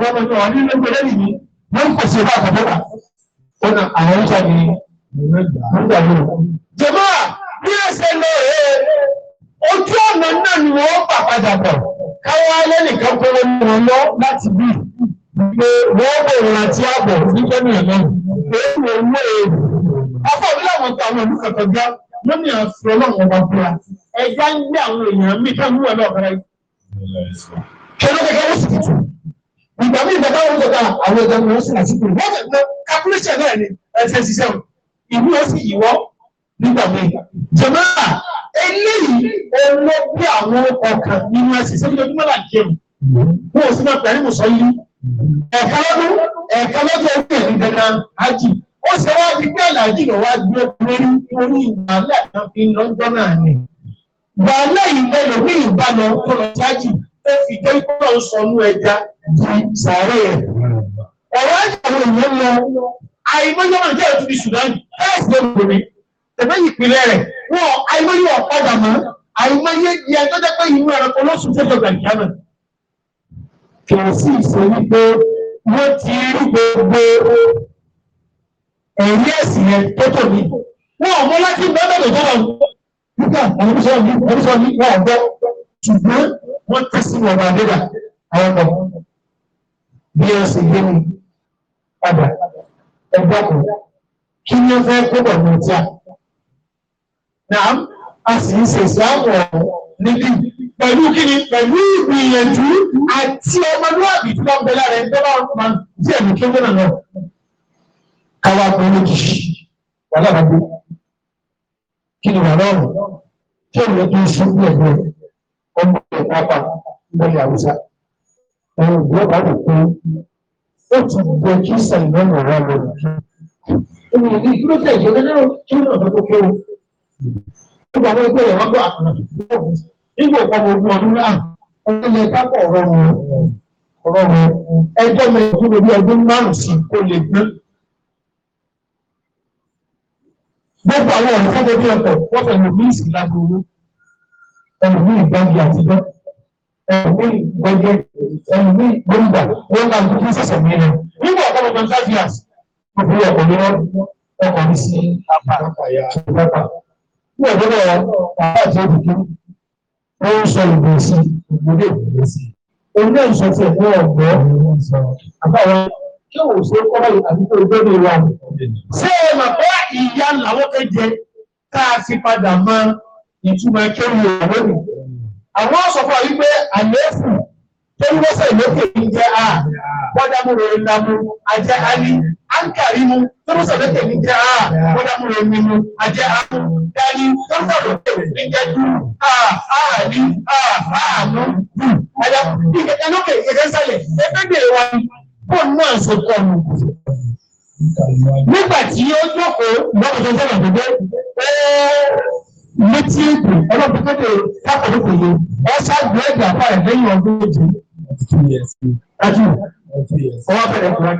wọn mọ̀ ní ọ̀nà ìlú ìgbẹ́lẹ́ nìyí wọ́n kò sí ìbá àkàtọ́kà ó na àwọn Hausa ni wọ́n gbà lóru. jọba bí ẹsẹ̀ lọ rẹ̀ ojú ọ̀nà náà ni wọ́n bà padà bọ̀ káwọn alẹ́ nìkan kọ́ ló mọ̀ lọ láti bí pé wọ́n bò wọn àti àbọ̀ nígbà mìíràn náà èyí wọ́n mú èyí afọ́ mi láwọn tó àwọn olùkọ̀tọ̀ gbá wọ́n ní àfẹ́ ọlọ́run ọba búra ẹja ń gbé àwọn èèyàn mí fẹ́ mú ẹ náà fẹ́rẹ́ kẹlẹ kẹkẹ ló sì tutù ìgbà mí ìgbà táwọn ọgbọ̀ta àwọn ẹja wọn sì láti pè wọ́n tẹ̀lé calculation náà ni ẹsẹ̀ ṣiṣẹ́ o ìlú ó sì yíwọ́ nígbà mí jẹ̀mọ́ eléyìí owó bí àwọn ọkàn nínú ẹsẹ̀ ṣe ló dúró láti jẹun wọn ò sí máa pẹ̀lú ìmùsọ̀ yìí ẹ̀ka lọ́dún ẹ̀ka lọ́dún ẹgbẹ́ ìlú gẹ́gẹ́ ájì ó ṣe wá di pé àlàjì lọ́wọ́ á gbé orí orí ìgbà wàhálà ìgbẹ́ lòmí ìbálò tó lọ sáájì ó fi dé kúrò ń sọnú ẹja di sàárẹ̀ ẹ̀. ọ̀rọ̀ ẹ̀jẹ̀ àwọn èèyàn lọ àìmọye wọn jẹ́ òtún ní Sudan bẹ́ẹ̀ sì ló lò ní tẹ̀fẹ́ ìpínlẹ̀ rẹ̀ wọ́n àìmọye ọ̀padà mọ́ àìmọye di ẹjọ́ jẹ́ pé inú ẹranko lọ́sùn tó lọ gbàgbé kì í sì sọ wípé wọ́n ti rí gbogbo ẹ̀rí ẹ̀sìn yẹn tó tò ní. wọ́n ò mọ láti bẹ́ẹ̀ bẹ́ẹ̀ tó wà nígbà àwọn oníṣẹ́ yìí oníṣẹ́ yìí wọ́n gbọ́ ṣùgbọ́n wọ́n tẹ̀ sí ọ̀rọ̀ àdéhà àwọn ọmọ bí ẹ ṣe gbé mi padà ẹgbẹ́ kan kí ni wọ́n fẹ́ kó bọ̀ ní ọjà náà a sì ń ṣèṣe àwọn ọ̀rọ̀ níbí pẹ̀lú kíni pẹ̀lú ìgbìyànjú àti ọmọlúwàbí tí wọ́n bẹ lára ẹgbẹ́ náà máa ń díẹ̀ ní kí ó gbé náà lọ káwá pẹ̀lú kìí wàhálà máa gbé kí ni wà lọ́rùn kí ènìyàn kì í sí ní ẹ̀gbẹ́ ọmọ rẹ̀ pápá lẹ́yìn àwùjá ẹ̀rù ìgbọ́ba rẹ̀ pé ó ti gbẹ kí sẹ́yìn lọ́nà wà lọ́nà kí. Èmi ìdí dúró tẹ̀ ìṣẹ́ lẹ́nu kí ní ọ̀dọ́ tó kéré. Nígbà wọn gbé ẹ̀wọ́n gbọ́ àkànà nígbà òpamọ́ ogun ọdún náà ọdún yẹn kápọ̀ ọ̀rọ̀ wọn ọ̀rọ̀ wọn ẹjọ́ mi ìdúró gbogbo àwọn ọ̀nà fún bébí ọkọ̀ wọ́n fẹ̀lú ní ìsìlágbó owó ẹlòmí ìgbàgbé àtijọ́ ẹlòmí ìgbàgbé ẹlòmí gbòǹgbà wọ́n máa dúró sẹ̀sẹ̀ mìíràn nígbà ọ̀pọ̀ ọ̀pọ̀ five years gbogbo ọkọ̀ ní wọ́n ọkọ̀ ní sí apá ìpápá ní ọ̀dọ́ náà bàbá àti olùkọ́ ó ń sọ ìgbésí ìgbòdè ìgbésí kí o ṣe kọ́lá àdúgbò gbẹ́mí wa. ṣé ẹ mà bá ìyá làwọn kan jẹ ká a fi padà mọ ìtumọ̀ kéwì àwọn ènìyàn. àwọn sọ̀fọ̀ yìí pé àlééfù tó ń wọ́sẹ̀ lókè ń jẹ́ a bọ́dámúre ńlámú ajẹ́ alí áńkàrímú tó ń wọ́sẹ̀ lókè ń jẹ́ a bọ́dámúre mímú ajẹ́ amú dání tó ń wọ́sẹ̀ lókè ń jẹ́ dú a àlí a àánú dú. ẹ̀dá ìkẹ̀kẹ́ lókè ìkẹ̀kẹ́ sálẹ̀ ẹgbẹ́ gbèrè wa ni bó náà ṣe kọ́ mi. nígbà tí ó jókòó lọ́wọ́ tó sọ̀rọ̀ tó dé létí ètò ọlọ́pàá kéde kákòó kò yẹ ọ ṣáájú ẹ̀jẹ̀ àpá ẹ̀ ọdún méje. kájú ọwọ́ bẹ̀rẹ̀ kúrẹ́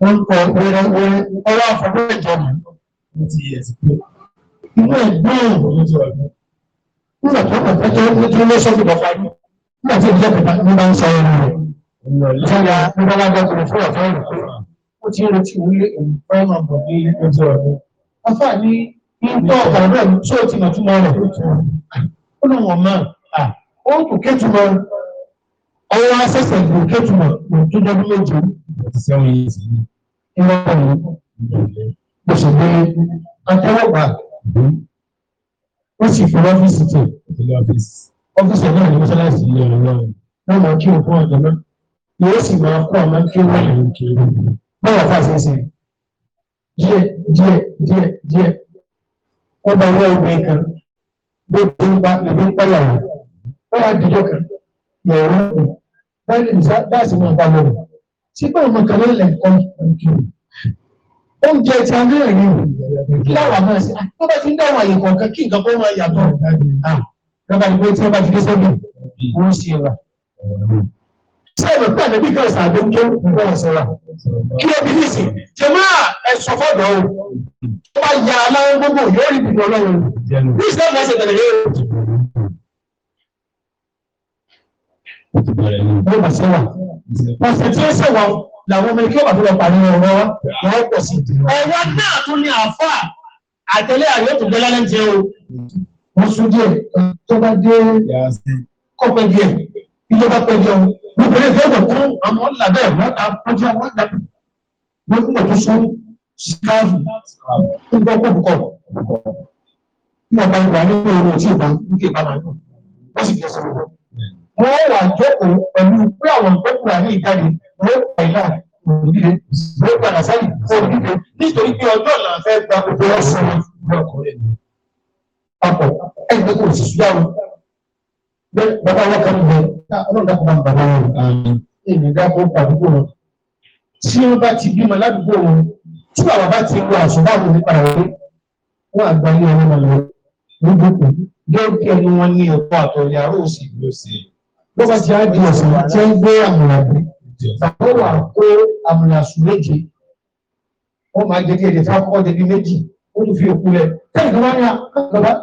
wọ́n kọ wẹ́rẹ́ wẹ́rẹ́ ọwọ́ àfọwọ́ ẹ̀jọ̀ mi. inú ẹ̀ nígbà tó kọ̀ fẹ́ tó ń tó ń lọ sọ́kùnrin bàbá yìí nígbà tí ìjọba ń bá ń sọ ọ́ ìjọba ìjọba gbọ́dọ̀ fún ọ̀fẹ́ ìrìnkú ó ti retí wílé ìfẹ́ náà bọ̀ ní ojú ọ̀dọ́ afa ní ìtọ́ ọ̀rọ̀ tó ti nà túmọ̀ rẹ̀ ó lọ wọ̀n mọ́ ó kò kétumọ̀ ọwọ́ asẹ́sẹ̀ kò kétumọ̀ tó dọ́dún méje ìwọ ọ̀rọ̀ bó ṣe gbé akẹ́wọ̀gbà ó sì fi ọ́fíìsì tẹ̀ ọ́fíìsì náà ní mọ́ṣáláṣí ilé ọ̀rọ̀ náà wọ́n mọ̀ kí òkú ọ̀dọ́ náà yóò sì máa kó ọmọ kí ó wáyà ní kiri báwo fà ṣe ṣe díẹ̀ díẹ̀ díẹ̀ díẹ̀ ó bá wọ obìnrin kan bó ti ń pa ìbí ń pẹ́ yàrá ó wá dijọ́ kan yàrá ń pè báyìí nìsa dáàsì máa bá lọ́wọ́ sí pé ọmọ kan ló lẹ̀ ń kọ́ kiri oúnjẹ tí a ń rẹ̀ yìí kí láwa máa ṣe tó ah, bá ti ń dáwọn àyè kọ̀ọ̀kan kí nǹkan kó máa yàtọ̀ nígbà ah, tí wọ́n ti dé sẹ́gun wọ́n ṣe wà ṣé ẹ̀rọ pé àlẹ́ bíkẹ́ ọ̀sán àdó ń ké nǹkan ọ̀sán wa kí ló bí ní ìsìn jẹ̀mọ́ ẹ̀sọ́ fọ́dọ̀ o tó bá ya aláwọ̀ gbogbo yóò rí bìbọn ọlọ́run bí ìsìn náà ṣe tẹ̀lé yóò wọ́n bá sẹ́wà ọ̀sẹ̀ tí ó sẹ́wà làwọn ọmọ ẹgbẹ́ wàá tó lọ pàdé wọn wọ́n pọ̀ sí ọwọ́ náà tún ní àáfà àtẹlẹ́ àyè tó nítorí fẹ́ẹ̀kọ̀ fún àwọn ọ̀làdá ẹ̀wọ́n ta ọjọ́ wọn dà wọ́n nígbà tó sọ síkáàfù ń gbọ́ pọ̀pọ̀ nígbà bá ìgbà nínú ewu tí ìbá ń ké bá máa nù wọ́n sì fi ẹsẹ̀ wọ́n. wọ́n wà jókòó pẹ̀lú pé àwọn ìgbẹ́kùnrin àní ìjáde wọ́n pa ìlà òdìdè wọ́n padà sáyìn òdìdè nítorí pé ọjọ́ náà fẹ́ gba gbogbo ọ̀sán ọkọ̀ ẹ̀ bẹ́ẹ̀ bàbá wa kan bẹ Ọlọ́run dàpọ̀ máa ń bàbá wọn èmi dàpọ̀ àdúgbò wọn tí wọn bá ti bímọ ládùúgbò wọn tí bàbá bá ti wọ àṣọ báwo nípa ìwé wọn àgbà ilé ọmọ náà lọ nígbà tó gẹ́gẹ́ ẹni wọn ní ẹ̀kọ́ àtọ̀yà rọ́ọ̀sì ló sì bó bá ti á di ọ̀sẹ̀ tí wọ́n gbé àmùlàbí bàbá wa kó àmùlàsù méje wọ́n máa jẹ́ kí ẹ̀dẹ̀ fáwọn ọ̀dẹ̀ bíi méjì ó tún fi òkú lẹ̀ kẹ́hìn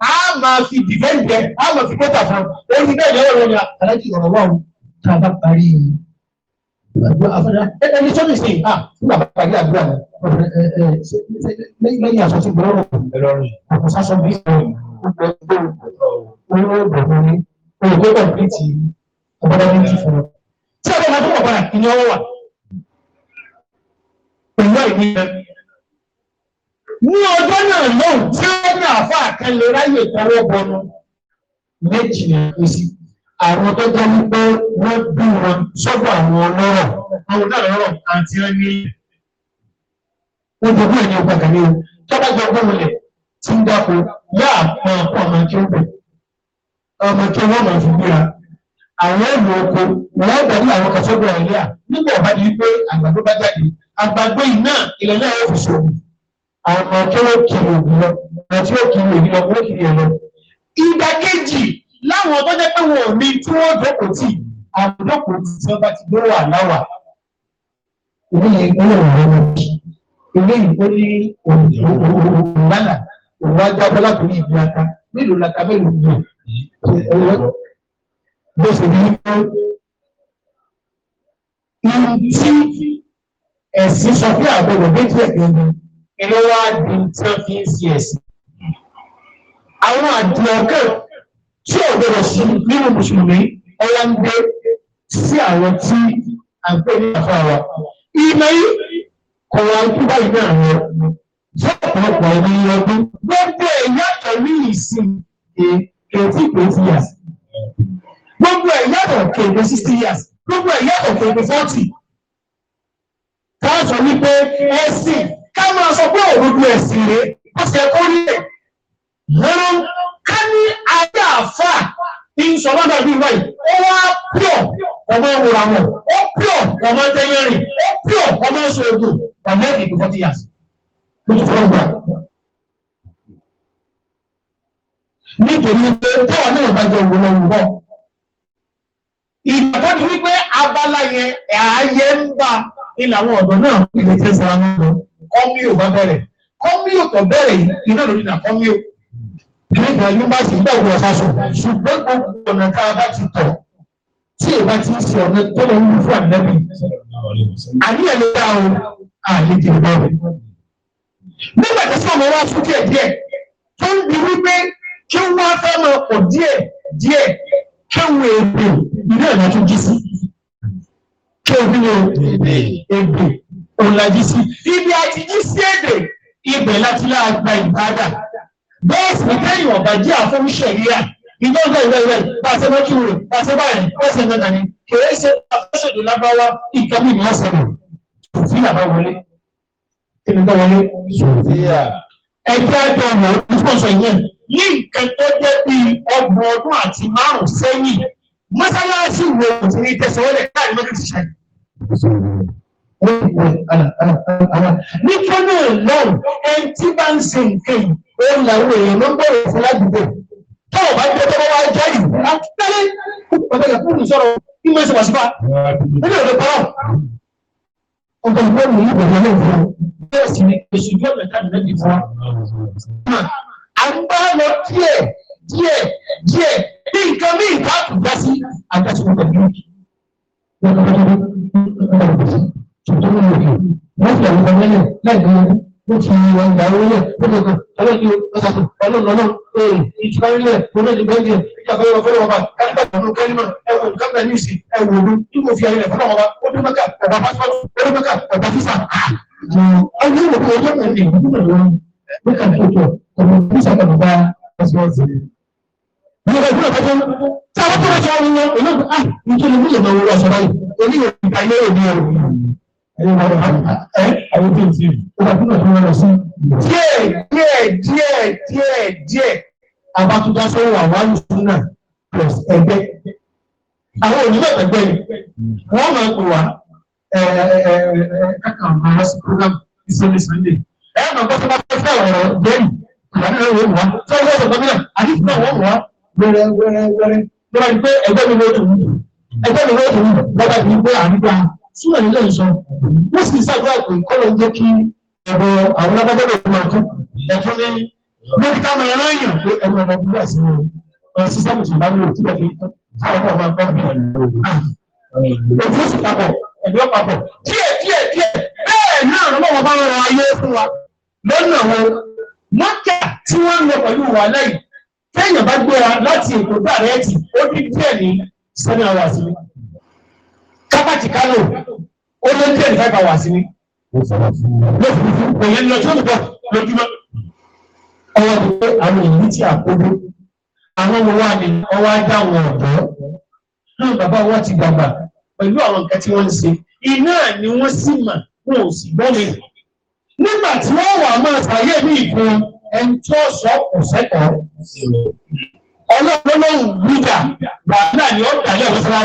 a máa fi dìbẹ́ǹdẹ a máa fi mẹ́ta fún orí náà yẹ̀wò rẹ̀ ni aláàjì ọ̀rọ̀ wà ó tá a bá parí ẹni tó ní sè é ah nígbà bá parí àdúrà rẹ̀ lẹ́yìn àsọtí gbọ́dọ̀ ọ̀pọ̀ sásán bí ìsọ̀rọ̀ olóògbé ní olùgbé kọ̀m̀pìtì ọ̀bọ̀dá ní ti fún ọ. tí a bá máa tó wọ̀ padà ìyẹn wà pẹ̀lú ní ọjọ́ náà lóhùn tí ó ní àfa àkànlẹ̀ ráyè tọwọ́ bọnu méjì ní ìpèsè àwọn tó jẹ́ wípé wọ́n bí wọn sọ́dọ̀ àwọn ọlọ́rọ̀ àwọn náà lọ́rọ̀ àti wọn ní ojú ọgbọ́n ẹ̀yìn ọgbà kan ní o tọ́ba jẹ́ ọgbọ́n ilẹ̀ tí ń dáko yáà máa kó ọmọ kí ó bẹ̀ ọmọ kí wọ́n máa fi gbéra àwọn ẹ̀rù oko wọ́n dàbí àwọn kan sọ́dọ̀ ẹ̀yà nígbà ọ̀bá di wípé àgbàdo bá jáde àgbàdo yìí náà ilẹ̀ náà ó fi ṣòwò àwọn tí ó kiri òbí lọ àwọn tí ó kiri òbí lọ wọ́n kiri ẹ̀ lọ. ìdàkejì láwọn tó jẹ́ pé wọn ò ní tí wọ́n dọ́kọ̀ tì àdókò tí wọ́n bá ti gbé wà láwà. ilé ìgbóná rẹ̀ lọ kí ilé ìgbóná òǹdàlà òun á jábọ́ látòrí ìlú ata mélòó lata mélòó ni ọ̀rọ̀ bó ṣe ní kó ìrìn ẹ̀sìn sọ fún àgbọ̀dọ̀ méjì ẹ̀gbẹ́ ni ìlú wa di tán fi ń fi ẹ̀sìn. Àwọn àdìọ̀kẹ́ tí ò gbọdọ̀ sí nínú Mùsùlùmí ọlá ń gbé sí àwọn tí à ń pè ní àfa wa. Ìmọ̀ yìí kò wá ikú báyìí náà lọ. Fún ọ̀pọ̀lọpọ̀ ọmọ yìí ọdún, gbogbo ẹ̀ yàtọ̀ ní ìsìn kèétí kèétí yà. Gbogbo ẹ̀ yàtọ̀ kèétí sixty years. Gbogbo ẹ̀ yàtọ̀ kèétí forty. Káàsọ̀ wípé ẹ̀sìn ká máa sọ pé òdodo ẹ̀sìn rẹ̀ ó ti ẹ̀kọ́ rí ẹ̀ lọ́rọ̀ ká ní ayé àfà ìṣọ̀lọ́dà bíi báyìí ó wá pure ọmọ ìwòrà wọn ó pure ọmọ tẹ́yẹ̀rìn ó pure ọmọ ìṣòro ọmọ ìdìbò forty years lójú fún ọgbà. nítorí pé táwọn náà bá jẹ òwúrọ̀ òwúrọ̀ ìgbàgbọ́ ni wípé abala yẹn ààyè ń bá ilà àwọn ọ̀dọ́ náà ilé tẹ́sán lọ kọ́míò bá bẹ̀rẹ̀ kọ́míò tó bẹ̀rẹ̀ yìí iná lórí nà kọ́míò nígbà yunifásitì nígbà wo ọ̀sán sọ ṣùgbọ́n gbogbo ọ̀nà tá a bá ti tọ̀ tí èèyàn bá ti ń ṣe ọ̀nà tó lọ wúlò fún àdínẹ́bí àníyàn lè dá o àlejò bá rẹ̀. nígbà tí sọ́ọ̀mù wá fún díẹ̀ díẹ̀ tó ń bi wípé kí wọ́n fẹ́ máa pọ̀ díẹ̀ díẹ̀ kéwòn èdè ìdí ẹ̀dá tó jí sí kéwòn èdè òun lajú sí ibi àti jí sí èdè ibẹ̀ láti láà gba ìbáadà bẹ́ẹ̀ sì kẹ́yìn ọ̀bà jẹ́ àfọwúṣẹ̀ ríà ìjọ ń bẹ̀ ìwẹ̀ ìwẹ̀ bá a ṣe mọ́ kí wò bá a ṣe báyìí bá a ṣe dandan ni kèrè ṣe àfọṣọdù lábáwá nǹkan bí ìyá sọ̀rọ̀ sòfin àbá wọlé kíni bá wọlé sòfin à. ẹgbẹ́ àjọ ọ̀nà ìfọ̀sọ̀ yẹn ní nǹkan tó jẹ́ bí ọgbọ̀n ọdún àti márùn-ún sẹ́yìn mọ́sálásí wo ti ní tẹ̀sán wọlé káàdì mọ́tò ti ṣe nípa náà lọ́wọ́ ẹni tí bá ń ṣe nǹkan yìí ó ń làwọn èèyàn ló ń bọ̀rọ̀ fún ládùúgbò tó o bá gbé tó bá wá jẹ́ yìí àtẹ́lẹ́ ọ̀gá ìyàpọ̀ ní sọ̀rọ̀ kí mo ṣe wá síbá níbi òde pọ̀ ọ̀gá ìwé mi yìí bẹ̀rẹ̀ lọ́wọ́ fún un bẹ́ẹ̀ sì ni èsì yóò mẹ́ta nínú ẹ̀dì fún wa. à ń bá lọ díẹ̀ díẹ̀ díẹ̀ bí nǹkan bí nǹkan àtúgbà sí àgbàsíwọ̀n pẹ̀lú ṣùgbọ́n mo fi wọ́n fi àwọn ọmọ lẹ́yìn láì gan fi wọn gbà owó yẹ wọ́n fi kan ọlọ́ọ̀dún ọ̀sàkùn ọlọ́ọ̀nà náà ee ìtura ilẹ̀ onídìí bẹ́ẹ̀dì ìjà fẹ́ wọ́n fẹ́ wọ́n bá káńtà ọ̀nà kẹ́límà ẹ̀wọ̀n káńtà ní ìsìn ẹ̀wọ̀n ọdún tí mo fi ayẹlẹ̀ fún ọ̀wá ọdún mẹ́ka ọ̀bà pásítọ̀ ọdún mẹ́ka ọ̀bà fífà. ọdún yóò fi ọjọ́ kan ní ìlú mẹ́rin mẹ́ka ní ètò ọ̀nà fífà kan bá a bá tọ́jú ọ̀run yẹn, èlò ah, nítorí mí lè máa wọlé ọ̀sán báyìí, èmi yóò gba ilé Àwọn tí ń ti ìwà tí wọ́n ti lọ sí. Díẹ̀ díẹ̀ díẹ̀ díẹ̀ díẹ̀ abátúndá sọ́wọ́ àwọn alùpùpù náà plus ẹgbẹ́. Àwọn onímọ̀ ẹgbẹ́ yìí wọ́n máa ń pè wá ẹ̀ẹ́dẹ́gbẹ̀rún máa sí program ìsinmi Sunday. Ẹ máa gbọ́ sọ́kà tó fẹ́ ọ̀rọ̀ bẹ́ẹ̀ ìgbà náà wọ́n wá sọ́wọ́ sọ̀tọ́ náà àdìsí náà wọ́n wá wẹ́rẹ́ wẹ́rẹ́ wẹ́rẹ́ lọ́wọ́ ni pé ẹgbẹ́ mi ló tó wù ẹgbẹ́ mi ló tó wù lọ́wọ́ súnà nílẹ̀ ìsọ wọ́n sì ṣàdúrà pé kọ́lọ̀ jẹ́ kí ẹ̀rọ àwọn agbábọ́dọ̀ máa tó ẹ̀tún ní mẹ́tíkà máa yẹn láyàn pé ẹ̀rọ ọmọ bíbá sí wọn ọ̀rọ̀ sísá mùsùlùmí bá nílò tíbẹ̀ fi káwọn náà máa gbọ́ bí òfin sì papọ̀ ẹ̀dọ́ papọ̀ díẹ̀ díẹ̀ díẹ̀ bẹ́ẹ̀ náà lọ́mọ wọn bá wọn ra ayé fún wa lọ́nà wọn mọ́kà tí wọ́n ń lọ pẹ̀lú wà lẹ́yìn téèyàn bá gbéra láti èkó dàrẹ́ẹ̀tì ó dín díẹ̀ ní sẹ́ni àwọn àṣírí kápákì kálò ó ló ń tẹ̀ ní five hours ni lófùfù òye lọ tí ó ń bọ̀ lójúmọ́. ọwọ́ mi pé àwọn èyí tí a kó dé àwọn ọmọ wa ni ọwọ́ á dá wọn ọ̀dọ́ náà bàbá wa ti dàgbà pẹ̀lú àwọn nǹkan tí wọ́n ń ṣe iná ni wọ́n sì mà wọn ò sì gbọ́ mi. nígbà tí wọ́n wà máa ṣàyè ní ìfún ẹni tí ó sọ kò sẹ́kọ̀ọ́ ọlọ́run ló ń gbúdà bàbá náà ni ó dàlẹ́ ọ̀ṣọ́lá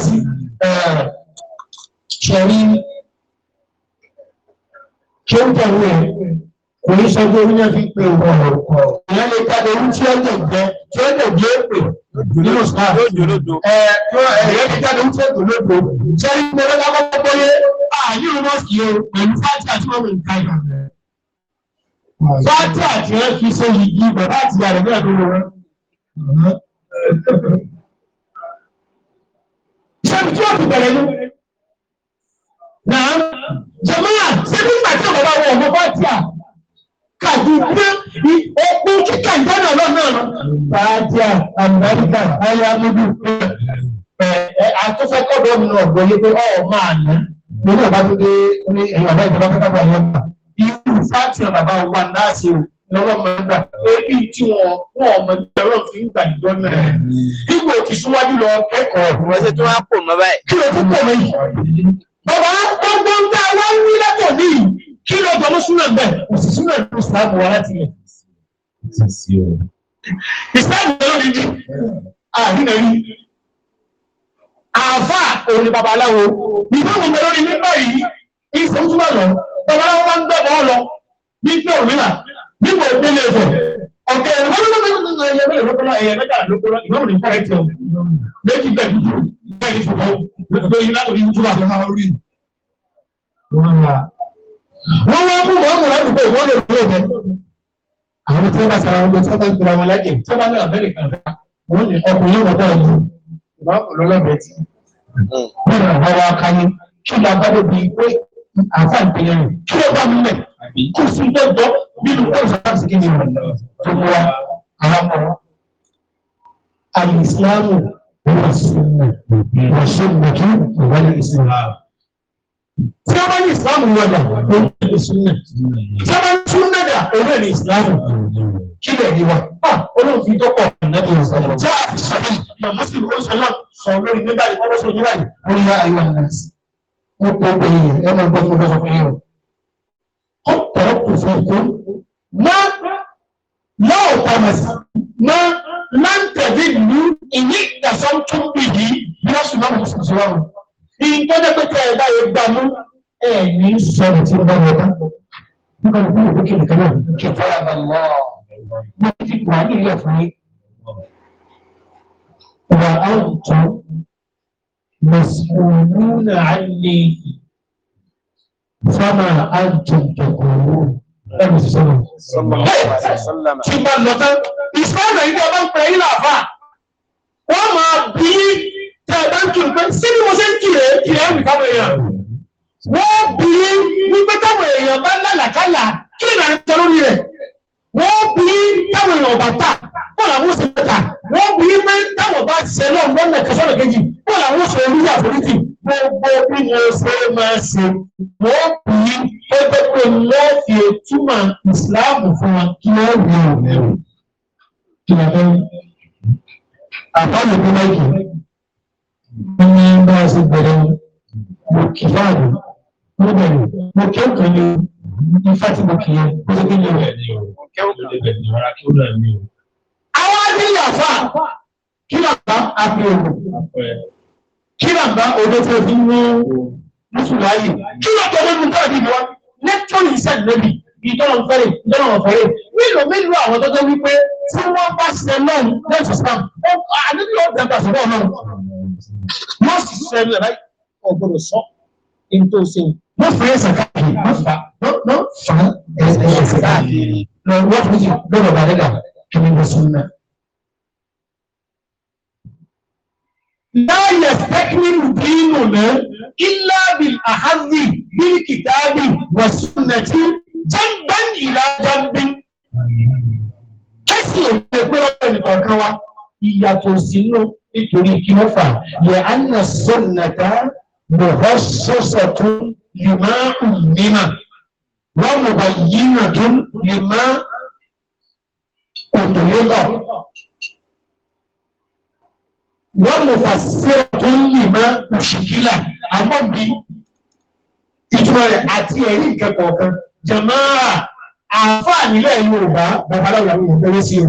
ṣẹ̀rí ṣé ń tẹ̀lé ẹ̀ kò ní sọ pé oníyàn fi pé ìwọ ọ̀rọ̀ ìyá lè jáde ohun tí ó lè jẹ tí ó lè bí èpè nínú sáà ẹ ẹ̀yẹ́ ti jáde ohun tí ó lè lòdò ṣẹ́rí pé lọ́dọ̀ kọ́kọ́ bóyé àyín ọmọ sí o pẹ̀lú fáti àti wọn ń ka ìgbà fáti àti ẹ fi ṣe yìí bàbá àti ìyá rẹ̀ bẹ́ẹ̀ tó wọn. ṣé tí ó ti bẹ̀rẹ̀ yìí náà jẹ̀mọ́à sẹ́bí ìgbà tí ọ̀gá bá wọ ọ̀gbọ́n bá tíà kàdúgbò òkú kíkà ìdáná lọ́nà bàtíà amẹ́ríkà ayamudu àtúnfẹ́kọ́ dọ́ọ̀mù náà gbọ́ yé pé ọ̀ máa ná nínú ọba tó dé ní ẹ̀yìn ọba ìjọba kọ́kọ́ bá yẹn gbà irú fáàtì bàbá wa láti lọ́wọ́ máa ń gbà ebi tí wọ́n wọ́n ọmọ ìjọba fi ń gbà ìjọ náà ipò òkè síwájú lọ kẹ́kọ̀ọ́ ìwọ́sẹ̀ tó wá pò mọ́ báyìí kí ló tún pò mọ́ yìí bàbá gbogbo ń tẹ́ wá ń rí lẹ́tọ̀ ní kí ló jọ mú súnà bẹ̀ kò sì súnà ní ìsìlámù wa láti lẹ̀. ìsìlámù ló rí di àdínà rí àáfà òun ni babaláwo ìgbà wo lórí nígbà yìí ìsọ̀túnmọ̀ lọ babaláwo máa ń gbẹ̀bọ̀ lọ nígbà òmìnira nígbà òmìnira ọ̀kẹ́ ẹ̀yẹ mẹ́rin ló kọ́lá ẹ̀yẹ mẹ́ta ló kọ́lá ìwọ́n ní kọ́lá ẹ̀tẹ̀ méjì bẹ́ẹ̀ dúdú bẹ́ẹ̀ ní fòkó lóyún láti orí youtube àti máa rí. wọ́n wá fún mọ́mú ládùúgbò wọ́n lè lò bẹ́ẹ̀. àwọn tí wọ́n bá sara wọn tí wọ́n bá ń gbéra wọn láyè tí wọ́n bá lọ abẹ́rẹ́ kan rẹ̀ wọ́n lè ọkùnrin yóò wọ́pọ̀ ọ̀hún ìbá ọ̀lọ́lọ́bẹ̀ẹ́ ti. bẹ́ẹ̀ ni àwọn akáyé kí àfa ìpínlẹ̀ rẹ̀ kí ló bá nílẹ̀ kó sí lọ́jọ́ nínú kóòsì láti kí ni rẹ̀ tó mú wa àlámọ́ wa. Àlìsílámù wọ́n sinmi wọ́n ṣe mọ̀tò ìwọlé ìsìlámù. Tí a bá ní ìsìlámù lọ́dà, òun ní sunna. Tí a bá ní sunna dà, òun ní ìsìlámù. Kí lè yí wa? Bá olóòfin dọ́kọ̀ nàbí ìsìlámù. Tí a fi sọ̀rọ̀ yìí, màmá sì ló sọ̀rọ̀ sọ̀rọ̀ lórí nígbà yìí, nígbà yìí, wọ́n yá ayé wa náà sí gbogbo èèyàn ẹ máa gbọ́ fún ọlọ́sọ fún yín o ọ̀pọ̀ kò fún ikú má má ò pàmò sí má má ń tẹ̀lé ìlú ìní ìdásán tó ń bì yìí bí wọ́n sì máa ń sùn sí wọn. ìtọ́jú pé kí ẹ báyìí gbà mú ẹ ní sọ̀rọ̀ tí ó bá wọn bá nígbà مسؤولون عني فما أنتم تقولون Ẹnu ti sọ́nà. Tí máa lọ tán, ìsọ́nà ìdí ọba ń pẹ̀ yín làbá. Wọ́n máa bí tẹ̀ ẹ̀ bá ń kiri pé sí ni mo ṣe ń kiri ẹ̀ kiri ẹ̀ nìkan mọ̀ èèyàn. Wọ́n bí wípé táwọn èèyàn bá lálàkálà kí ni àná lórí rẹ̀. Wọ́n bí táwọn èèyàn ọ̀bà tà bọ́ọ̀lù àwọn oṣù mẹ́ta wọ́n bu yín máa ń dáwọ̀ bá ṣe lọ́n lọ́nà kẹsàn-án kejì bọ́ọ̀lù àwọn oṣù orí àforíjì gbogbo bí mo máa ṣe wọ́n bu yín ó jẹ́ pé wọ́n fi ìsìláàmù fún wa kí wọ́n wù ú lẹ́rù. kí bí wọ́n yìí wọ́n ní bá a ṣe bẹ̀rẹ̀ mo kì fáàlù mo bẹ̀rẹ̀ mo kí ní ifá tí mo kì yẹn ó ṣe kí ni ó rẹ̀ ní o. mo kẹ́ àwọn adìyẹ àfà kí làbá àfi ògùn kí làbá odò tó fi wọ mùsùlùmáyì kí làbá odò tó fi wọ lẹ́tọ̀rì ìsẹ̀lẹ́bì ìtọ́nà fẹ́rẹ̀ ìtọ́nà ọ̀fẹ́rẹ̀ mélòó mélòó àwọn tó jẹ́ wípé tí wọ́n bá ṣe náà lẹ́sùn sáà àdébí ọ̀dà gbà sọ́dọ̀ náà wọ́n sì ṣẹlẹ̀ láì ọ̀gbọ́dọ̀ sọ ẹni tó ṣe wọ́n fẹ́ ẹsẹ̀ káàkiri wọ́n fà á lọ́wọ́ yìí lọ́wọ́ bàdẹ́gà ìlú sunna. láyé tẹ́kínìlù dínú náà ilá bil àhàzì bil kìtàbí wà sunnati jẹ́ǹbẹ́ǹ ìlà jẹ́ǹbẹ́ǹ. kẹ́sì òkè pé ọ̀rọ̀ nìkan wa ìyàtọ̀ sínú nítorí kí wọ́n fà yẹ anna sunnata mukhassasatun lima ummima wa mubayyinatun lima kòtò lélọ̀. Wọ́n lè fàṣẹ́ tó ń lè mọ́ òṣìkílà àmọ́ bí ìtura rẹ̀ àti ẹ̀rí ìkẹ́kọ̀ọ́ kan. Jàmáà àǹfààní ilẹ̀ Yorùbá babaláwo làwọn èèyàn fẹ́rẹ́ sí o.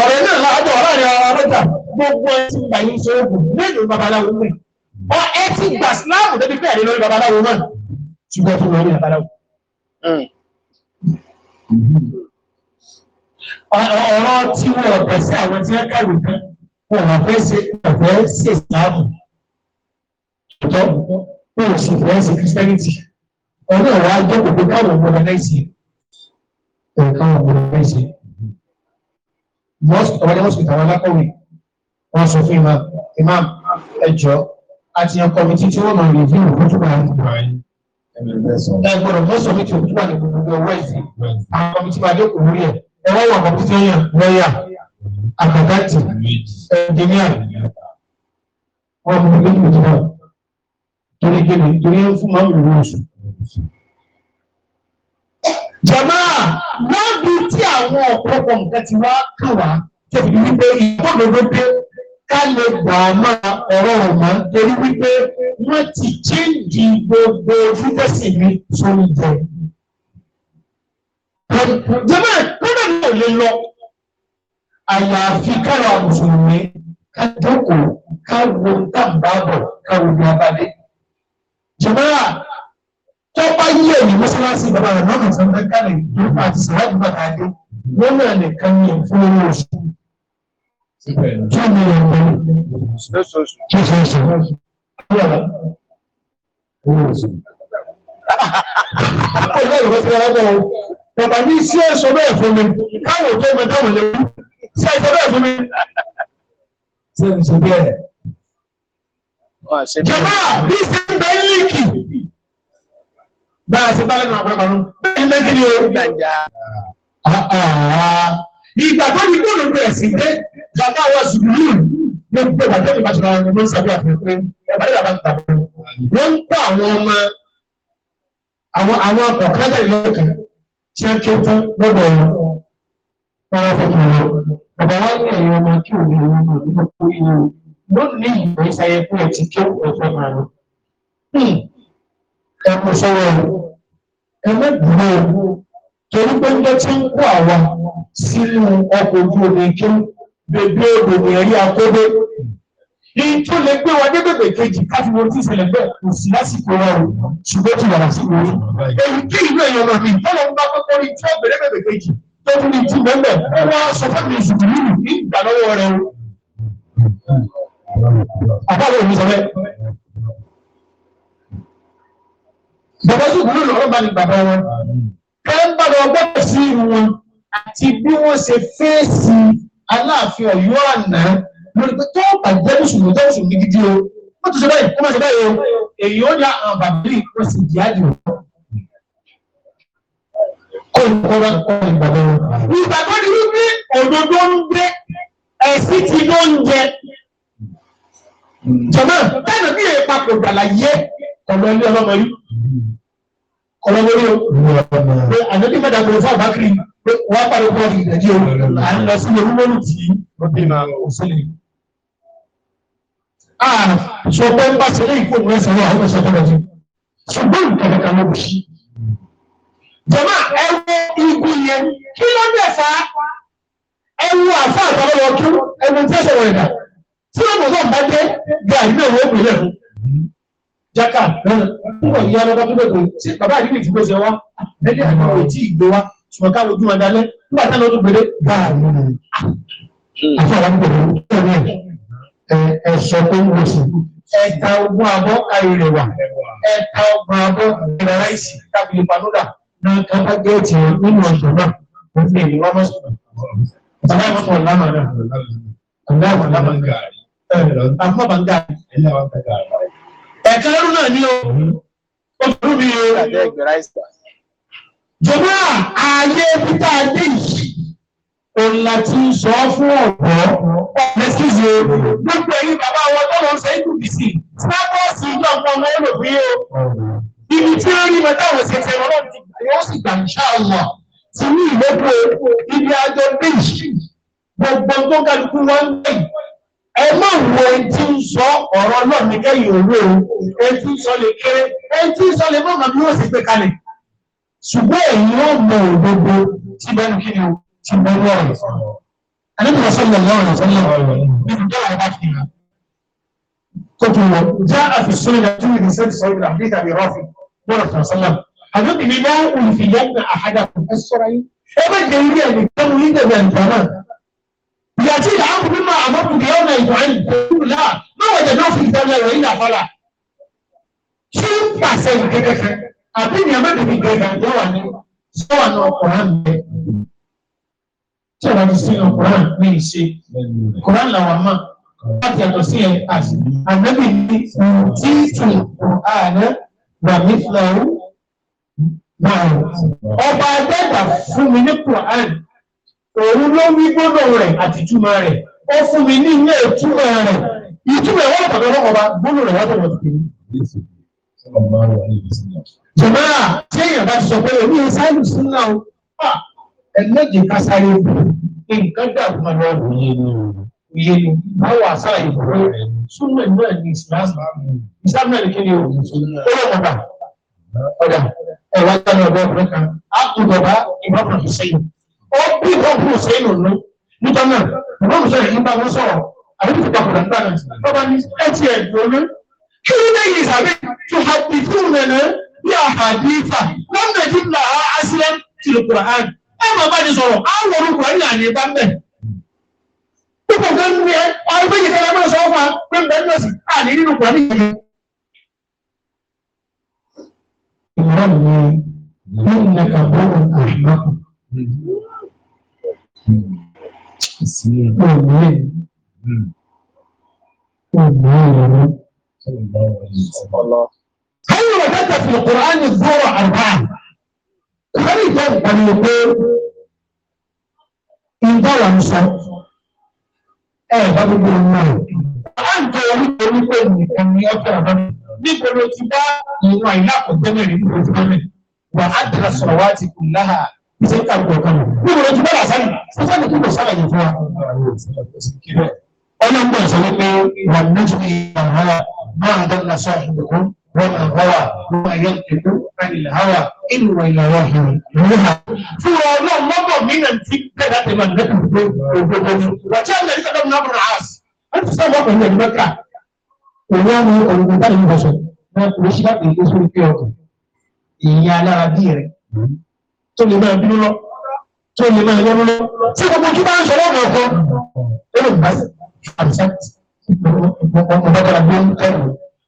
Ọ̀rẹ́ náà láàbọ̀ ọ̀rọ̀ rẹ̀ ọ̀rọ̀ mẹ́ta gbogbo ẹ̀ ti gbà yín sóògùn mélòó babaláwo mẹ́. Ọ ẹ ti gbà síláàmù débi pẹ́ẹ́rẹ́ lórí babaláwo náà. Ṣùgbọ́n fún wọn ní babaláwo. Hmm ọ̀rọ̀ tí wọ́n ọ̀bẹ̀ sí àwọn tí wọ́n kàwé kan wọn ò fẹ́ ṣe ọ̀fẹ́ ṣe ìsìlámù ọ̀tọ̀ wọn ò sì fẹ́ ṣe kírísítẹ́nìtì ọ̀rọ̀ ìwà ajọ́ kò pé káwọn ọmọdé náà ṣe ẹ̀ káwọn ọmọdé náà ṣe. most ọ̀rọ̀ mọ́sùn ìtàwọn alákọ̀wé wọ́n sọ fún imam imam ẹjọ́ àti yan kọ́mítì tí wọ́n máa rè fún ìwòkútùmọ̀ àyè ẹ gbọ́dọ̀ mọ́sùn mi ti òkútùmọ̀ àyè gbogbo ọwọ́ ìsìn àwọn kọ́mítì máa dé òwúrẹ́ ẹwọ́ wà kọ̀pútíọ́yà lọ́yà àkàkàtì ẹnjìníà wọn mú ilé ìwé jìnnà torí gbèdé torí ń fún mọ́mí ìwé oṣù. jamaa lọ́ọ̀dù tí àwọn ọ̀pọ̀lọpọ̀ nǹkan ti wá kà wá tẹ̀sí wípé ìgbọ́dọ̀dọ̀ dé ká lè gbà á máa ọ̀rọ̀ ọ̀mọ́ torí wípé wọ́n ti chéǹjì gbogbo fífẹ́sì mi sóúnjẹ jẹ́mọ́ ìpínlẹ̀ náà lè lọ àyàfi kára mùsùlùmí ká jókòó ká wo tá n bá bọ̀ ká wo bí abadé. jẹ́mọ́ à tọ́pá yí ẹ̀yìn mọ́sálásí bàbá rẹ̀ lọ́kàn sọ́ńdá kálẹ̀ nípa àti sàwádìí bàtà dé wọ́n náà nìkan ní fún owó oṣù. kí ni ìyẹn pẹ̀lú? kí ni ìṣòro? owó oṣù. bàbá ní sí ẹ̀sọ́ bẹ́ẹ̀ fún mi káwọn tó mẹ táwọn lè wú sí ẹ̀sọ́ bẹ́ẹ̀ fún mi. ṣé n bẹ́ẹ̀. jọba bí ṣe ń bẹ líìkì bá a ṣe bá bẹ́ẹ̀ ni méjì ni o. ìgbà tó ní bóòlù bẹ̀rẹ̀ sí pé bàbá wa sùgbùlù ló ń pè bàbá mi bàtúrà wọn ló ń sàbí àfihàn pé bàbá ń tàbí wọn ń kó àwọn ọmọ àwọn àwọn ọkọ̀ kájà ìlú ṣé kí n tán lọ́dọ̀ ọ̀rọ̀ rárá fún mi lọ. wa ní ẹ̀yìn ọmọ kí òun ní ọmọ nínú kú iye o. Lónìí ìwé ìsáyẹ fún ẹ̀ tí kí òun fẹ́ máa lọ. Hmm. Ẹ kò sọ̀rọ̀ ẹ mẹ́gbùrú o. Torí pé ń jẹ́ tí ń kó àwa sínú ọkọ̀ ojú omi kí bèbí òdò ní ẹ̀rí akóbé ní tó lè gbé wa débèbè kejì káfí wo tí ìṣẹ̀lẹ̀ bẹ́ẹ̀ kò sí lásìkò wa o ṣùgbọ́n tí yàrá sí wo èyí kí ìlú ẹ̀yọ́ lọ mi tọ́lọ̀ ń bá kọ́kọ́ rí tí ọ̀bẹ débèbè kejì tó fún mi tí mẹ́mẹ́ ó wá sọ fún mi ìṣùkú nínú ní ìgbà lọ́wọ́ rẹ o. àbáwọ̀ mi sọ bẹ́ẹ̀. bàbá ìṣùkú nínú ọ̀rọ̀ bá ní bàbá wọn kẹ́ ń bá lọ sí wọn àti bí wọ́n ṣe fèsì aláàfin ọ̀yọ́ àná mo rí pé tó bá jẹ́ mùsùlùmí jẹ́ mùsùlùmí gidi o wọ́n tún ṣe báyìí wọ́n máa ṣe báyìí o èyí ó ní àwọn bàbá yìí wọ́n sì jì ájì wọn. kó o kọ́ bá kọ́ ìgbàgbọ́ wọn. ìgbàgbọ́ ni wípé òdodo ń gbé ẹ̀sìn ti ló ń jẹ. jọ̀mọ́ táyà bí èèyàn papò gbàlàyé ọ̀nà ilé ọlọ́mọ yìí ọ̀nà orí o. ànábì mẹ́ta kò fún àbákiri wọ́n á pariwo kọ́ ọ̀dì ìdájí o à ń lọ sí ìlú mọ́lù tí ó dé náà ó sílẹ̀ sọ pé ń bá ṣẹlẹ̀ ìkó ìwé ṣẹlẹ̀ àwọn ọmọ ṣẹlẹ̀ ọjọ́ ṣùgbọ́n nǹkan kankan ló kù sí. jọ̀mọ́ ẹ wo igun yẹn kí ló ń bẹ̀ fà á ẹ wo àfa àtàlọ́wọ́ kí ẹnu tí ẹ sọ̀rọ̀ ẹ̀dá tí wọ́n mọ̀ sọ̀rọ̀ bá dé gàrí náà wọ́n pè lẹ́nu. jaka púpọ̀ ìyá ọlọ́dọ́ tó bẹ̀rẹ̀ sí bàbá àdìgbì tí gbèsè wa ẹni àwọn ò tí ì gbé wa ṣùgbọ́n ká lójú wọn dalẹ̀ nígbà táwọn ọdún gbélé gbáà ẹ sọ pé mo sì ẹ̀ka ogun abọ́ ayọ̀rẹ̀ wà ẹ̀ka ogun abọ́ ìrẹ̀ ráìsì tábìlì panúdà náà kápá géètì nínú ọ̀sán náà ó ní èyí wọ́n mọ̀sán. Àbáwọ̀ sọ̀rọ̀ lánàá náà. Àbáwọ̀ lánàá gàrí. Àbáwọ̀ bá ń gàrí. Ẹ̀ka ẹrú náà ní o. Ó tún bí o. Jọba ààyè Peter Adéyìí òǹlà tí ń sọ fún ọ̀dọ́ ẹ̀sìnṣe gbogbo ẹ̀yìn bàbá wọn tọ́lọ̀ ń sọ apc sábọ́ọ̀sì ìjọ ọ̀pọ̀ ọmọ ẹ̀ lò pé o ibi tí ó rí mẹ́ta wò ṣe fẹ́ràn náà ti gbà yóò sì gbà ìṣá ọ̀wọ̀ ti ní ìlọ́pọ̀ ibi àjọ méjì gbogbo tó kálukú wọn ń gbẹ̀ ẹ má wo ẹni tí ń sọ ọ̀rọ̀ náà ní kẹ́yìn òwe o ẹni tí ń sọ lè kéré ẹni tí ń sọ lè mọ̀ màmí yóò sì gbé kalẹ̀ ṣùgbọ́n èyí yóò mọ òdodo tí bẹ́ẹ̀ ní kí ni o. صلى الله عليه وسلم النبي صلى الله عليه وسلم من دعاء عبادنا كتب جاء في السنة سنة الإنسان صحيح الحديث أبي رافع ورحمة الله صلى الله عليه وسلم حضرتك لا أنفين أحدكم السرعين أبا جيري أن يكون لنا بأنفانا يأتي العمر مما أمرك يوم يفعل تقول لا ما وجدناه في كتاب الله وإلا فلا شو بحسن كده أبين يمد في كده سواء القرآن tí wọ́n ti sínú Quran ní ìṣe Quran làwọn mọ̀ láti yàtọ̀ sí ẹ̀ àti ànábì ní tí tù àná rami fúláwù náà ọba ẹgbẹ́ta fún mi ní Quran òun ló wí gbọ́dọ̀ rẹ̀ àti túmọ̀ rẹ̀ ó fún mi ní ilé ìtumọ̀ rẹ̀ ìtumọ̀ ẹ̀ wọ́n tọ̀dọ̀ lọ́kọ̀ọ́ba gbọ́dọ̀ rẹ̀ wọ́n tọ̀dọ̀ tìkìrì. jọ̀mọ́ra tí èèyàn bá ti sọ pé èmi ẹ̀ sáyẹ̀ sínú náà ẹ méjì kásáré bù nǹkan dàbí wọn lọ wò yé ni yé ni báwo àṣàrà yìí pé súnmọ́ ìlú ẹ̀ ní ìsìláàmù ìsìláàmù náà ní kí ni o ó lọ mọ̀ bá ọ̀dà ẹ̀ wá gbọ́dọ̀ ọ̀dọ́ ọ̀dọ́ kan á kú bàbá ìbáfọ̀ ìṣẹ́yìn ó bí ìbáfọ̀ ìṣẹ́yìn nù nítorí náà ìbáfọ̀ ìṣẹ́yìn nígbà wọn sọ̀rọ̀ àbí kò dàpọ̀ dàpọ̀ náà bàbá ní ẹ ti ẹ̀ dùnú kí ni lẹ́yìn ìsàbẹ̀ tó ha bì fún nẹ̀nẹ̀ bí àhàdí ìfà lọ́nà ìdí ẹ̀rọ bá ní sọ̀rọ̀ àwọn orúkọ ẹ̀rí àní bá ń bẹ̀. púpọ̀ kan ní ẹ ọ̀rọ̀ méjì kan máa sọ fún wa pé ń bẹ ní ọ̀sìn àní nínú kọ̀ ní ìyẹn. ìrọ̀ mi yóò ní kàbọ̀rọ̀ àmọ́. Òmìnir òmìnir Kayọ̀ wà dáta fi Kùránì gbọ́rọ̀ àrùbá sẹ́ni ìjẹ́ ìpàdé pé ìdáwà ń sọ ẹ bá gbogbo ọmọ rẹ. Bàbá ń jẹ oríkè oríkè nìkan ní ọjọ́ àná níbo ló ti bá ìwọ̀n àìlákọ̀ọ́gbẹ́ mẹ́rin níbo ti bá mẹ́rin. Wà á tẹ̀lé sọ̀rọ̀ wá ti kùn láhà ṣé ká gbọ̀ kan. Níbo ló ti bá làásánì? Sọ́sánì kí ló sábà yẹ fún wa? Ọlọ́gbọ̀n sọ wípé wà ní ju ìyàrá máa dáná والهوى وما ينطق عن الهوى إن هو إلا وحي يوحى فهو الله مضى من الفكرة التي من نكتب وجاء الذي قدم نبر العاص أنت سبب من مكة ويوم يقول لك أنا بشر وش لا يقول في يوم ìyá alára bí rẹ tó lè máa bínú lọ tó lè máa yẹnu lọ tí gbogbo ojú bá ń sọ̀rọ̀ ọmọ ọkọ ó lè bá àbísà ọmọ bàbá àbí ọmọ kẹrin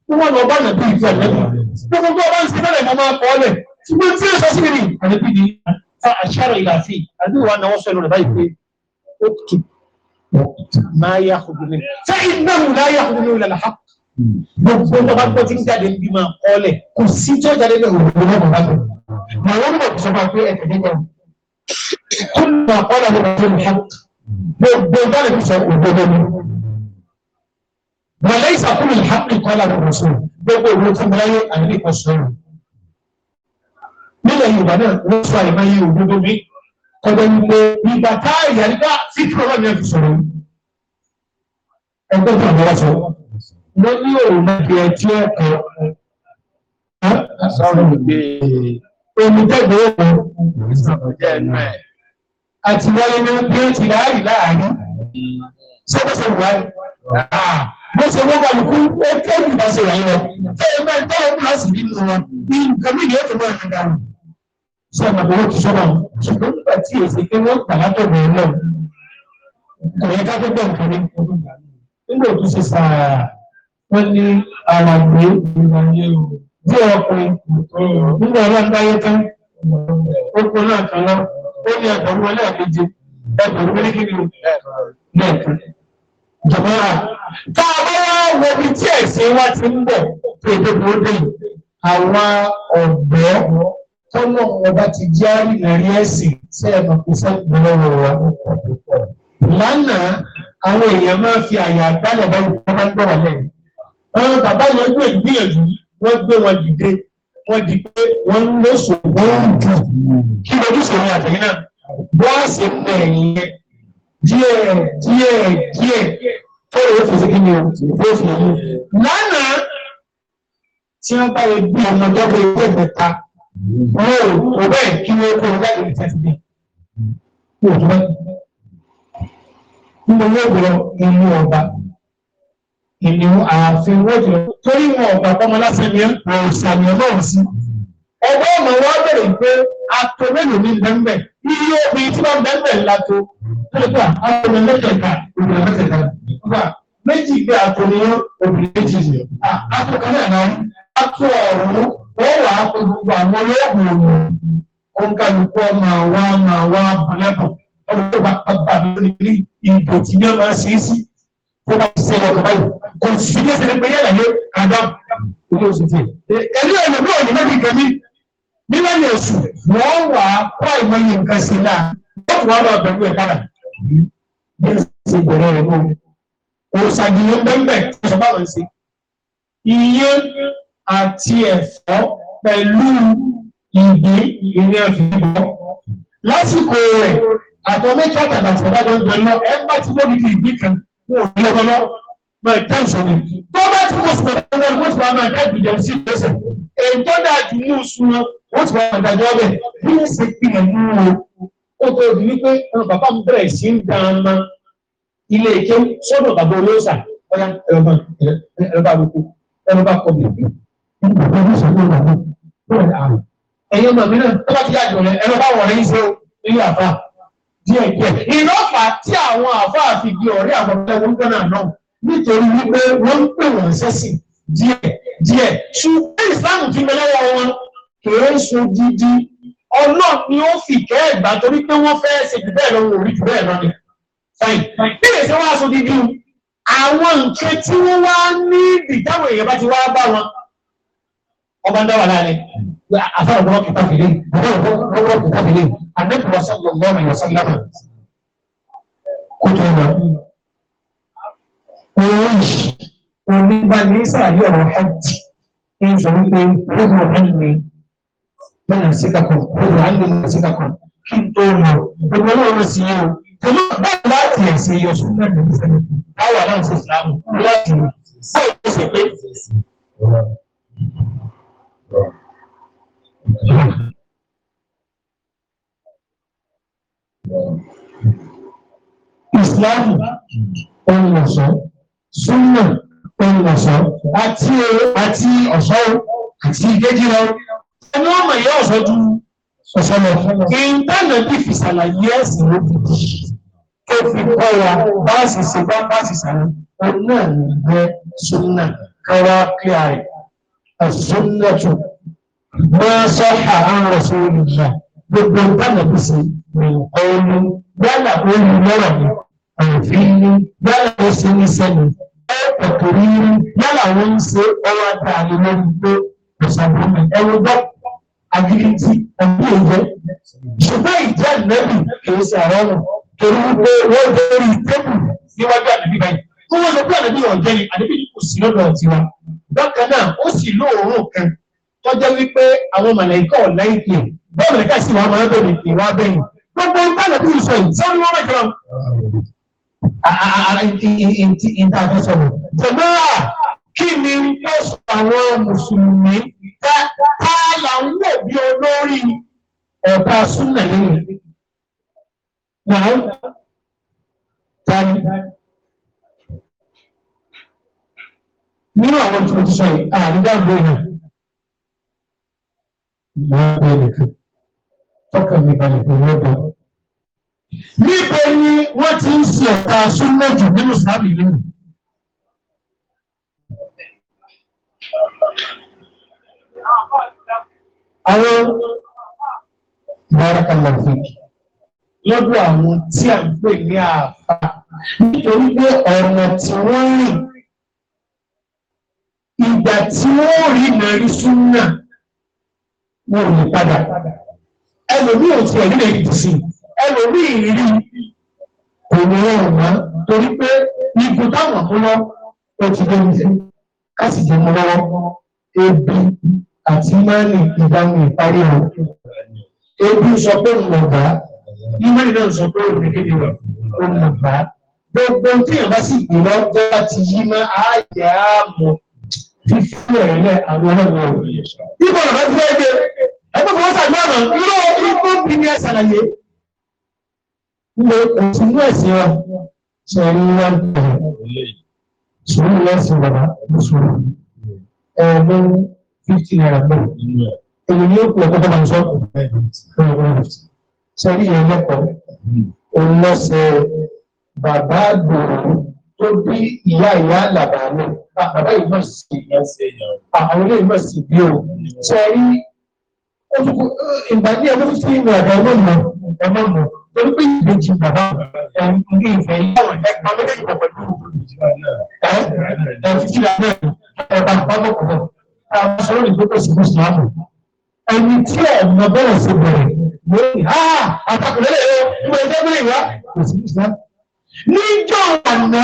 ó wà lọ bá nàbí ìdí àlẹ́bí gbogbo tó bá ń ṣe bẹ́rẹ̀ mọ́ máa kọ́ ọ́lẹ̀ ṣùgbọ́n tí èso sí ni àlẹ́bí ni fa àṣàrò ìlàfí àbí wà náà wọ́n sọ ẹnu rẹ̀ báyìí pé ó tù máa yá kùdùmí fẹ́ iná wù láyé kùdùmí ìlànà ha gbogbo tó bá gbọ́ tí ń jáde níbi máa kọ́ ọ́lẹ̀ kò sí tó jáde ní òwúrọ̀ náà bàbá mi màwọn mọ̀ sọ ma pé ẹ̀kẹ́ nígbà kúlù máa kọ́ ọ́lẹ̀ wọlé ìsàkúrò ìhàpì kọlá kòròsò gbogbo ìwé tí wọn yé àyè nípa sọ̀rọ̀ nílẹ̀ Yorùbá náà wọn sọ àyè máa yé òdodo bí kọjá wípé ìgbà tá ìyá nípa tí kúrò náà yẹn fi sọ̀rọ̀ ẹgbẹ́ tó àwọn ọsọ wọn ní òun náà bí ẹtí ẹkọ omidẹgbẹ òun àti wáyé ní bí ó ti láàárín sọgbẹsọ wáyé bó ṣe wọ́n bá lùkú ó kéwì bá ṣe wáyé lọ tẹ́lẹ̀ náà tẹ́lẹ̀ náà sì bí nínú wọn bí nǹkan mí yóò tó máa ń ga wọn. sọ ma bọ̀ wọ́n ti sọ́nà ṣùgbọ́n nígbà tí èsì pé wọ́n gbà látọ̀ bọ̀ ẹ̀ náà kò yẹ ká tó gbọ̀ nǹkan ní. nígbà tó ṣe sàrà wọ́n ní ara pé bí ọkùnrin nígbà ọlọ́ndáyé tán oko náà kan lọ ó ní ẹgbẹ̀rún ọlẹ́ẹ̀kejì ẹgbẹ̀rún mẹ́rin kí jọmọ́ra tá a bá wá wo ibi tí ẹ̀sìn wa ti ń bọ̀ tó ètò ìwọ́dé yìí àwọn ọ̀dọ́ tọ́lọ̀ ọba ti jẹ́ àrìnàrí ẹ̀sìn sẹ́ ẹ̀ máa kó sẹ́yìn lọ́wọ́ wa lánàá àwọn èèyàn máa fi àyà àgbálẹ̀ bá wù kọ́ bá ń dọ̀wọ́ lẹ́yìn àwọn bàbá yẹn gbé ìgbìyànjú wọ́n gbé wọn dìde wọ́n di pé wọ́n lóṣù wọ́n ń dù kí lójúṣe ní àtẹ̀yìn náà bọ́ọ̀sì pẹ̀yìn díẹ̀ díẹ̀ díẹ̀ tó lè fi síkí ni yóò fi mú. lánàá tí wọ́n bá lè bí ọmọ dọ́gba ilé ìfẹ̀ta wọn ò kò bẹ́ẹ̀ kí wọ́n kó wọn láti ìfẹ́ sílẹ̀. yóò tó bẹ́ẹ̀ nínú yóò gbọ́ inú ọba ìní ààfin wọ́jọ́ torí wọn ọ̀gbà pọ́nmọ́ lásán ni ọ̀sán ni ọlọ́run sí. ọgbọ́n ọmọ wa bẹ̀rẹ̀ pé atọ́ mélòó ní bẹ́ẹ̀ bẹ́ẹ̀ iye obìnrin tí wọ́n bẹ́ẹ̀ bẹ́ẹ̀ lato lọ́dọ̀ àwọn ọmọ mẹ́tẹ̀ẹ̀ka obìnrin mẹ́tẹ̀ẹ̀ka nígbà méjì gbé àtò ní obìnrin méjì yẹn àtò kan náà náà àtò ọ̀run wọ́n wà á pé gbogbo àwọn olóògùn òun òǹkàlùkù ọmọ àwa ọmọ àwa bọ̀lẹ́bọ̀ ọmọ tó bá bàbá mi lórí ní ìbò tí yẹn máa ṣe é sí kó bá ṣe é lọ́kọ̀ báyìí kò sí ní ẹsẹ̀ pé yẹ́n nílẹ̀ yẹ̀sù wọ́n wà á kọ́ ìmọ̀ yìí nǹkan sí náà wọ́n fún wọn lọ bẹ̀rù ẹ̀ kára bí o sì bẹ̀rẹ̀ rẹ̀ mọ́ òòsàgìyẹ bẹ́ẹ̀ sọ báwọn ṣe iye àti ẹ̀fọ́ pẹ̀lú ìdí ìrìn ẹ̀fọ́ lásìkò rẹ̀ àtọ́ mẹ́ta tàbí àtàbá ló ń bẹ lọ ẹ bá ti lóbi kì í bí kan wọn ò ní ọgbọ́n náà bẹ́ẹ̀ tẹ̀sán ni tó bá ti kó sọ̀rọ̀ wọn wọ́n ti máa máa dá ìgbìyànjú sí ìgbésẹ̀ èyí tó dáa jù ní oṣù náà wọ́n ti wọ́n dájọ́ bẹ̀ bí wọ́n ṣe pinnu mú o ó tó di wípé àwọn bàbá mi bẹ̀rẹ̀ sí ń dáama ilé ike sọ́dọ̀ bàbá olóòṣà ọ̀yá ẹ̀rọ bá ẹ̀rọ bá wọ́pọ̀ ẹ̀rọ bá kọ̀ bẹ̀rẹ̀ ẹ̀yọ́ màmí náà tó bá ti yá jùlọ ẹ̀rọ bá wọ̀ lẹ́yìn sí ilé àfà díẹ̀ díẹ̀ iná fà tí àwọn àfà fi di ọ̀rẹ́ àwọn ọ̀rẹ́ wọn gbọ́nà náà nítorí wípé wọ́n ń pè wọ́n sẹ́sìn díẹ̀ díẹ̀ ṣùgbọ́n ìsìláàmù ti mẹ́lẹ́wọ́ wọn kìí ṣe gidi ọlọ́ọ̀ ni ó fi kẹ́ ẹ̀gbà torí pé wọ́n fẹ́ ṣe jù bẹ́ẹ̀ lọ wọ́n rí jù bẹ́ẹ̀ lọ ni. bí èsì wá aṣọ gidi àwọn nǹkan tí wọ́n wá ní ìdáwọ̀ èèyàn bá ti wá bá wọn ọba ń dá wà láàrin àfẹ́rẹ́ ọ̀gbọ́n kìtà fìlẹ̀ ọ̀gbọ́n kìtà fìlẹ̀ àdékùnrin ọ̀sán lọ́wọ́ mi ọ̀sán lọ́wọ́ kó tó lọ. Oríṣi onígbà ní sàlẹ̀ ọ̀rọ̀ hajj ń sọ wípé ó lọ́wọ́ hajj bẹ́ẹ̀ náà síkà kan olùwà ń lò ní síkà kan kí n tó lọ gbogbo náà ló sì yé o tèmi báyìí láti ẹ̀sìn yọ sùn náà lè fẹ́ báwa náà ṣe fìlàmù láti báyìí ló ṣe pé. Ìsìláàmù ohun ọ̀ṣọ́, Súnmọ̀ ohun ọ̀ṣọ́, àti ọ̀ṣọ́ àti ìgéjìrọ̀ ẹni ọmọ yẹ ọ̀sọ́jú ọ̀sọ́lọ̀ ìntànà bí fi ṣàlàyé ẹ̀sìn ló fi di tó fi kọ́ wa bá a sì ṣe bá bá a sì ṣàlàyé òun náà ní bẹ́ súnà káwá kíá rẹ̀ ọ̀sọ́nà tó a sọ àwọn ọ̀sọ́ olùyà gbogbo ìntànà bí ṣe nǹkan olú yálà olú lọ́rọ̀ ni àfi ní yálà ó ṣe ní sẹ́nu ẹ̀ẹ́dẹ̀kẹ̀rí yálà wọ́n ń ṣe ọwọ́ àtàlẹ́ lórí pé ọ̀sán ẹ̀wọ̀n dọ́kọ̀ agiriji ọ̀bí ìjẹ́ ṣùgbọ́n ìjẹ́ ìlẹ́bù kìí ṣe àwọn ọ̀nà torí wípé wọ́n jẹ́ orí tébù níwájú àdébí báyìí kó wọ́n lọ bí àdébí ọ̀jẹ́ ni àdébí ni kò sí lọ́dọ̀ tiwa bákan náà ó sì lóòórùn kan tọ́jà wípé àwọn màlàíkà ọ̀láyé kì í bọ́ọ̀ wà máa bẹ̀rẹ̀ kì bẹ́yìn gbogbo ń bàlẹ̀ kí ni ó sọ àwọn mùsùlùmí ká ká là ń wò bí olórí ọ̀tá súnà yìí náà tani nínú àwọn tó sọ yìí àrídàgbò yìí máa bẹ nìkan tọkà mi balẹ̀ pẹ̀lú ọ̀dọ́. níbo ni wọ́n ti ń ṣe ọ̀tá súnà jù nínú sábì lónìí. àwọn bárakàlàfẹ́ lọ́dọ̀ àwọn tí a ń pè ní àfà nítorí pé ọ̀nà tí wọ́n rìn ìgbà tí wọ́n rí nàrí súnà wọn ò ní padà ẹlòmíì ò tiẹ̀ nílẹ̀ ìdí sí ẹlòmíì rí kò ní ọ̀nà torí pé ibùdó àwọn ọmọ ó ti dé níṣẹ́ ká sì jẹ́ mọ́ lọ́wọ́ ebi àti mọ́ọ̀nì ìdánwò ìparí ọ̀ ebi sọ pé ńlọ̀gbà ìmọ̀ ìlú sọ pé òrìkèdè rẹ̀ ńlọ̀gbà gbogbo tí yàrá sì gbé lọ́jọ́ ti yí mọ́ ààyè àmọ́ fífi ẹ̀rẹ́ àwọn ọlọ́run ọ̀rọ̀ ìbọn ọ̀rọ̀ fẹ́ gbé ẹgbẹ́ fọwọ́ sàgbọ́nà irú ikú bí ní ẹ̀sàlàyé ilé òtún ní ẹ̀sìn wa sọ̀rọ̀ wọn bẹ̀rẹ̀ sùúrù lẹ́sìn bàbá ló sùúrù ẹ̀ẹ́dẹ́ fifty naira bẹ́ẹ̀ èyí ni ó pè ọ́ kọ́kọ́ máa ń sọ sẹ́rí yẹn lẹ́kọ̀ọ́ ọlọ́sẹ̀ bàbá àgbòrò tó bí ìyá ìyá àlàbà náà ah, bàbá yìí náà sì ah, àwọn ilé náà sì bí o sẹ́rí ìgbà ní ẹgbẹ́ fífi ìrìn àgbà ọlọ́mọ ẹ̀mọ́ mọ́ torí pé ìbejì bàbá ẹni ìfẹ́ yàwó ẹgbẹ́ méjèèjì pọ̀ pẹ̀lú ẹ ẹ títí abẹ́ ẹ̀bà pápákọ̀ọ́ àwọn sọ̀rọ̀ ìgbókò sí fún sùlámù ẹni tí ọ̀nà bẹ̀rẹ̀ sí bẹ̀rẹ̀ lórí ha àtàkùnrin lè yọ ìwé ẹgbẹ́ bẹ̀rẹ̀ wá kò sí fún sùlámù. níjọ́ àná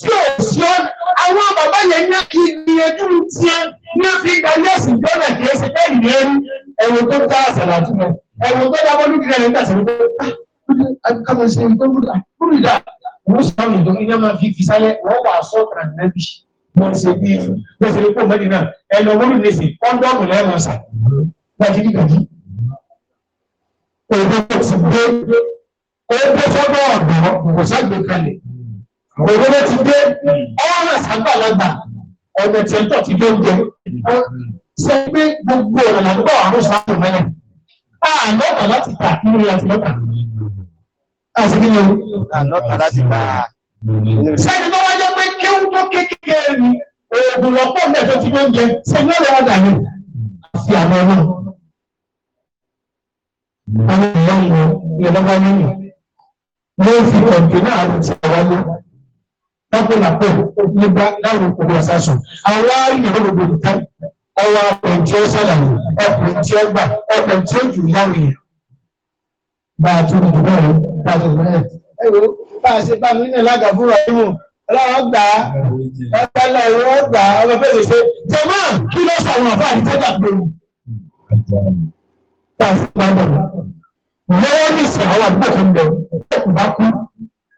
tí ò sí ọ́n àwọn bàbá yẹn ní kí ìgbìyànjú tiẹ̀ ní fi gbalí ẹ̀sìn jọ́nà kì í ṣe bẹ́ẹ̀ ní ẹ̀rú ẹ̀wọ̀n tó dá àṣàlà do káfíń ṣe ń gbóòrò dà gbóòrò dà wọ́n sọ àwọn ìdánwò iná máa fi fi sálẹ̀ wọ́n wà sọ́ọ̀tù àti nàbì wọ́n ṣe bí wọ́n ṣe kó mẹ́rin náà ẹnu wọ́n lè ṣe kọ́ńdọ́ọ̀mù lẹ́wọ̀n sà gbajì gàdí. Èdè ti dé ó dé fọ́dọ̀ ọ̀dọ́ kò ságbé kalẹ̀. Òwúrò ti dé ọ̀rọ̀ sàgbàlagbà ọ̀nà tí ń tọ̀ ti dé oúnjẹ. Ṣé pé gbogbo ọ̀nà làdúgbò àrùn sàkùnmẹ́lẹ̀? Àná ọ̀nà láti tà kí ni a ti lọ́ta? àti kí ni àlọ́ta láti bá a. sẹ́ni tó wájú pé kéwù tó kékeré ni oògùn lọ́pọ̀ mẹ́tọ́ ti ló ń jẹ sẹ́ni ọ̀rọ̀ ọ̀dà ni àti àmọ́ náà. àwọn èèyàn ń lọ ìyẹ̀lọ́gbà nínú ló fi ọ̀gbìn náà ṣàwáyé lápòlápọ̀ nígbà láwọn òkúrò ọ̀sásùn àwọn àríyàn ló gbogbo ìtàn ọwọ́ ọ̀pẹ̀ tí ó sàlàyé ọ̀pẹ̀ tí ó gbà ọ̀pẹ̀ tí ó jù láwọn èèyàn bá a tún dùn bẹ́ẹ̀ bá a tún bẹ́ẹ̀. ẹ wo bá a ṣe bá mi nílẹ̀ lága fún rahimu ọlọ́run gbà á ọlọ́run ìwọ gbà á ọmọ fèsì ṣe jẹmọ kí ló sọ àwọn àbáyé tẹgbà gbòòrò. bá a ṣe máa bẹ̀rẹ̀ lọ́wọ́ ní ìsìn àwọn àdúgbò kan bẹ̀ ẹ̀kú bá kú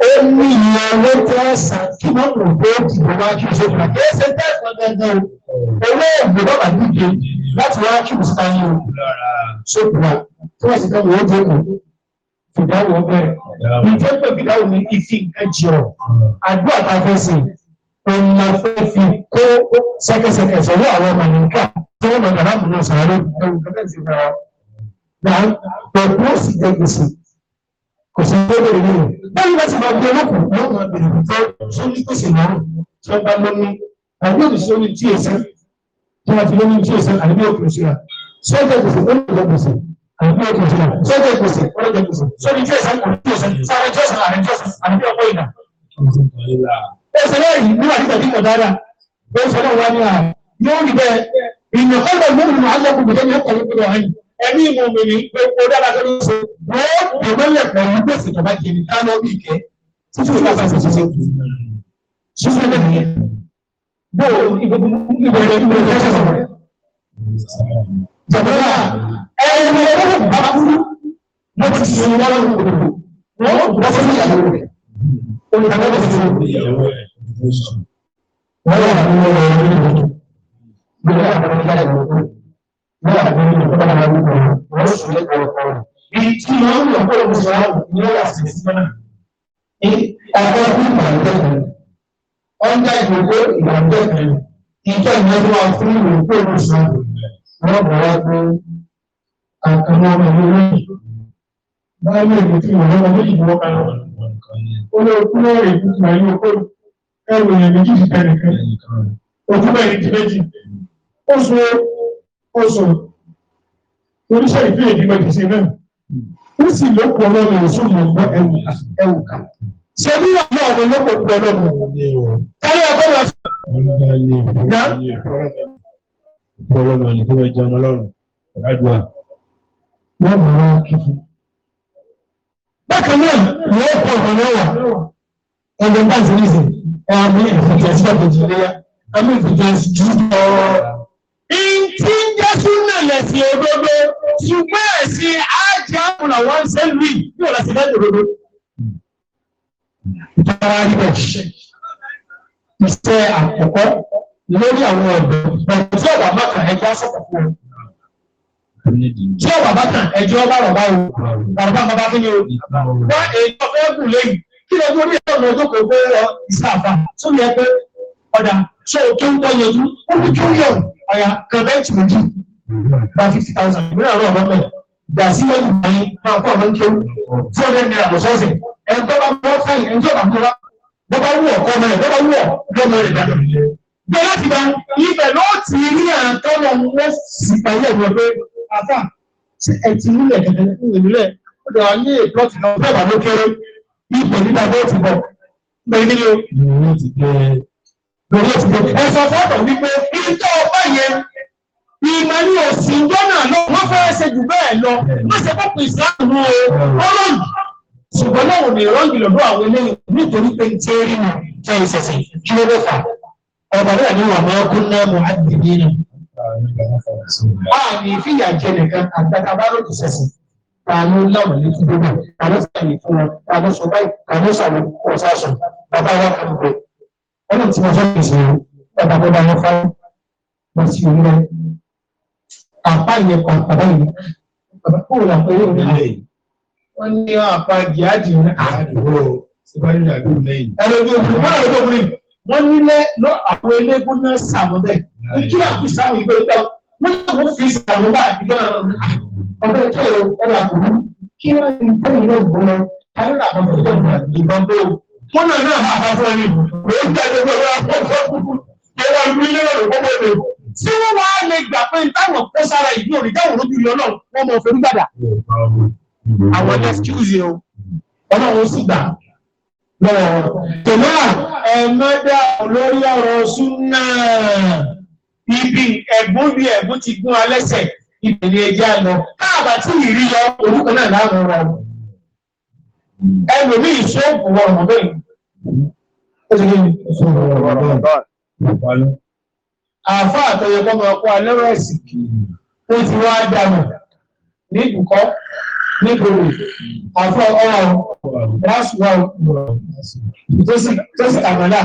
ó ní ìyá owó tí wọ́n san kí wọ́n kò tó dìbò wá kí oṣù kan kí ẹsẹ̀ tẹ̀sán dandan o owó òògùn bàbá díje láti wá kí oṣù kan yìí o ṣòkùnà tí wọ́n sì fẹ́ wọ́n dé kù fìdáwò bẹ̀rẹ̀ ìjẹ́ pé fìdáwò ní ifi nǹkan jẹ ọ́ àdúrà tá a fẹ́ ṣe ọ̀nà fẹ́ fi kó sẹ́kẹsẹkẹ sọ̀rọ̀ àwọn ọmọ nìkan tí wọ́n máa dàrá múlò sàárẹ̀ ẹ̀wù kẹ́kẹ́ sí fara náà pẹ̀lú ó sì jẹ́ gbèsè kò sí tó bèrè nínú báyìí láti máa gbé olókùn yóò máa bèrè fífọ́ sórí gbèsè náà tí wọ́n bá lómi àbí òṣìṣẹ́ omi tí tí wọ́n ti lómi tí èsì àbí òkùnṣe àbí ọjọ́ ìsìn sọjọ ìgbèsè ọjọ́ ìgbèsè sọjọ ìjọ ìsìn kò ní ìjọsìn sọjọ ìjọ ìsìn àrẹ ìjọsìn àbí ọgbọ ìdá. ẹsẹ̀ lẹ́yìn nígbà tí tàbí ìmọ̀ dáadáa ó sọ náà wá ní à yóò rí bẹ́ẹ̀ ìyàn kọ́ńtà lórí mu alẹ́kùn kò tẹ́lẹ̀ ọkọ̀ lókè wáyé ẹ̀mí mu mi ní pé ó dára tó ló ṣe wọ́n ìmọ̀lẹ̀ pẹ̀lú gbèsè tọ́ba kiri dáná bí ìkẹ́ títí ìgbà kan ṣe ṣe ṣíṣe lẹ́yìn bó ìbẹ̀rẹ̀ ìbẹ̀rẹ̀ ṣe sọ̀rọ̀ jàmbá ẹni ẹni bá kú mo ti ṣe wọn òdòdó wọn òdòdó fún ìyàwó rẹ olùkàwé ló fún ìyàwó rẹ wọn yà wọn wọn wọn ní ìlú wọn yà wọn yà wọn wọn yà wọn ní ìlú wọn yà wọn wọn sùn lẹ́kọ̀ọ́ ọkọ rẹ èyí tí wọn ń lọ kó lóko sọ wọn ní wọn yà sí sí náà ọkọ ní ìbànújẹ́ kan ọjà ìdókòwò ìbànújẹ́ kan ìjọ ìyẹn tó wà fún ìwé kó lóko sọ wọn wọ́n bọ̀ wá pé àkànná ọmọ ìlú lẹ́yìn báyìí èdè tí ìwọ̀n ọmọ méjì ni wọ́n kà lọ. ó lé okú náà èdè tí wọ́n yóò kó ẹrù èèyàn méjì sí tẹnìkan òkú náà èdè méjì ó so ó so oníṣẹ́ ìfẹ́ èdè méjì sí náà ó sì lóko ọlọ́run èso mọ̀ gbọ́ ẹwù ẹwù kà. ṣé bí wàá náà ló lóko ọlọ́run? tálẹ́ ọgọ́rùn-ún fọwọ́ wọn lè fọwọ́ jẹun ọlọ́run àdúrà. wọ́n mọ̀ wá kíkú. bákan náà ìyá ọkọ̀ ọ̀kan náà wà ẹgbẹ́ bá ti rí sè é àmì ìfìjà sí ọ̀gbìn ìléyà àmì ìfìjà sí ọ̀ọ́. ìntì ń jẹ́ súnà lẹ̀sìn òdodo ṣùgbọ́n ẹ̀sìn ájá ọ̀nà wọn sẹ́lùmí yóò lọ sí lẹ́yìn òdodo lórí àwọn ọ̀dọ́ ọ̀dọ́ tí ọ̀bà bá kàn ẹjọ́ sọ̀tọ̀ fún ọ. tí ọ̀bà bá kàn ẹjọ́ bá rọ̀bá o bàbá bàbá kí ni o wá èèyàn fẹ́ gùn lẹ́yìn kí lè torí ọ̀nà ìjókòó pé ọ ìsáàfà tó yẹ pé ọ̀dà ṣé o tó ń tọ́ yẹjú ó ní kí ó yọ ọ̀yà kan bẹ́ẹ̀ tì méjì bá fifty thousand ìgbéra ọ̀rọ̀ ọ̀rọ̀ mẹ́rin gbà sí lẹ́yìn ìgbàyẹn máa kọ́ ọ̀rọ̀ ń kí ó four hundred gbé láti bá ibẹ̀ lọ́ọ́ ti rí àǹtọ́ lọ wọ́n sì parí ẹ̀rọ pé àfà ẹ ti nílẹ̀ kẹ̀kẹ́ nílẹ̀ ó dẹ̀ wá ní ìplọ́tì náà bẹ́ẹ̀ bá ló kéré ibẹ̀ nígbà bó ti bọ̀ lórí nílé o. lòun ti gbé lòun e. ti gbé. E. ẹ sọ fọ́tọ̀ wípé ìjọ ọba yẹn ìmọ̀ ní òsì lọ́nà lọ wọ́n fẹ́ ṣe jù bẹ́ẹ̀ lọ má ṣe fọ́ pé ìsìláàmù o ọlọ́run ṣùgbọ́n náà ò ní ìrọ́jì lọ́dọ̀ àwọn eléyìí nítorí pé ń tẹ́rì náà kí ló dé fà ọba náà ni wà máa kún náà mọ àdìdì nù. Báàmì ìfìyà jẹ nìkan àgbàkà bá lòdì sẹ̀sìn. Tàánú láwọn létí bíbá, tàánú sàyè fún wọn, tàánú sọ báyìí, tàánú sàwọ ọ̀sásùn, bàbá wa kàn gbé. Wọ́n lè ti wọ́n fẹ́ pèsè o, bàbá bàbá wọn fá wọn sí orí rẹ̀. Àpá ìyẹn kan bàbá yìí, bàbá kò là pé yóò rí lẹ́yìn. Wọ́n ní àpá jìádìí ní àdúgbò Sibari Dàdú lẹ́yìn. Ẹ̀rọ ìgbòho, bọ́lá wọ́n nílẹ̀ lọ àwọn eléégún náà sàmú bẹ́ẹ̀ kí àpò ìsàmù ìgbẹ́ ìgbà wọ́n yóò wọ́n fi sàmú bá àdìgbà ọ̀bẹ tó yẹ ọ̀rọ̀ àkùrú kí wọ́n ní bẹ́ẹ̀ yóò gbọ́ lọ kárí làbọ̀ tó yẹ ìbọn tó wọ́n náà náà bá fọ́ ni wọ́n gbà tó gbọ́ lọ́wọ́ fọ́ kúkú ẹ̀rọ mílíọ̀nù gbogbo ẹ̀ tí wọ́n wá lè gbà pé táwọn kó sára ìdí òrì táwọn olójú ilé ọlọ́run wọ́n mọ̀ fẹ́ nígbàdà àwọn ẹ̀fíkúzi o ọlọ́run ó sì gbà lọ́wọ́ tòmá ẹ̀mẹ́dà olórí ọ̀rọ̀ súnà ibi ẹ̀gbọ́n bí ẹ̀gbọ́n ti gún alẹ́sẹ̀ ìbẹ̀lẹ̀ ẹja lọ káàbà tí ìrí yọ orúkọ náà láàmú rọ ẹlòmí ìṣóògùn wọ ọmọ bẹ́ẹ̀ àfa àtọyọkọ máa kó alẹ́rọ̀ ẹ̀sìn kì í ó ti wá dànù ní ìdúkọ́ nítorí ọ̀fọ́ ọ̀rọ̀ That's why. sì àmàlà.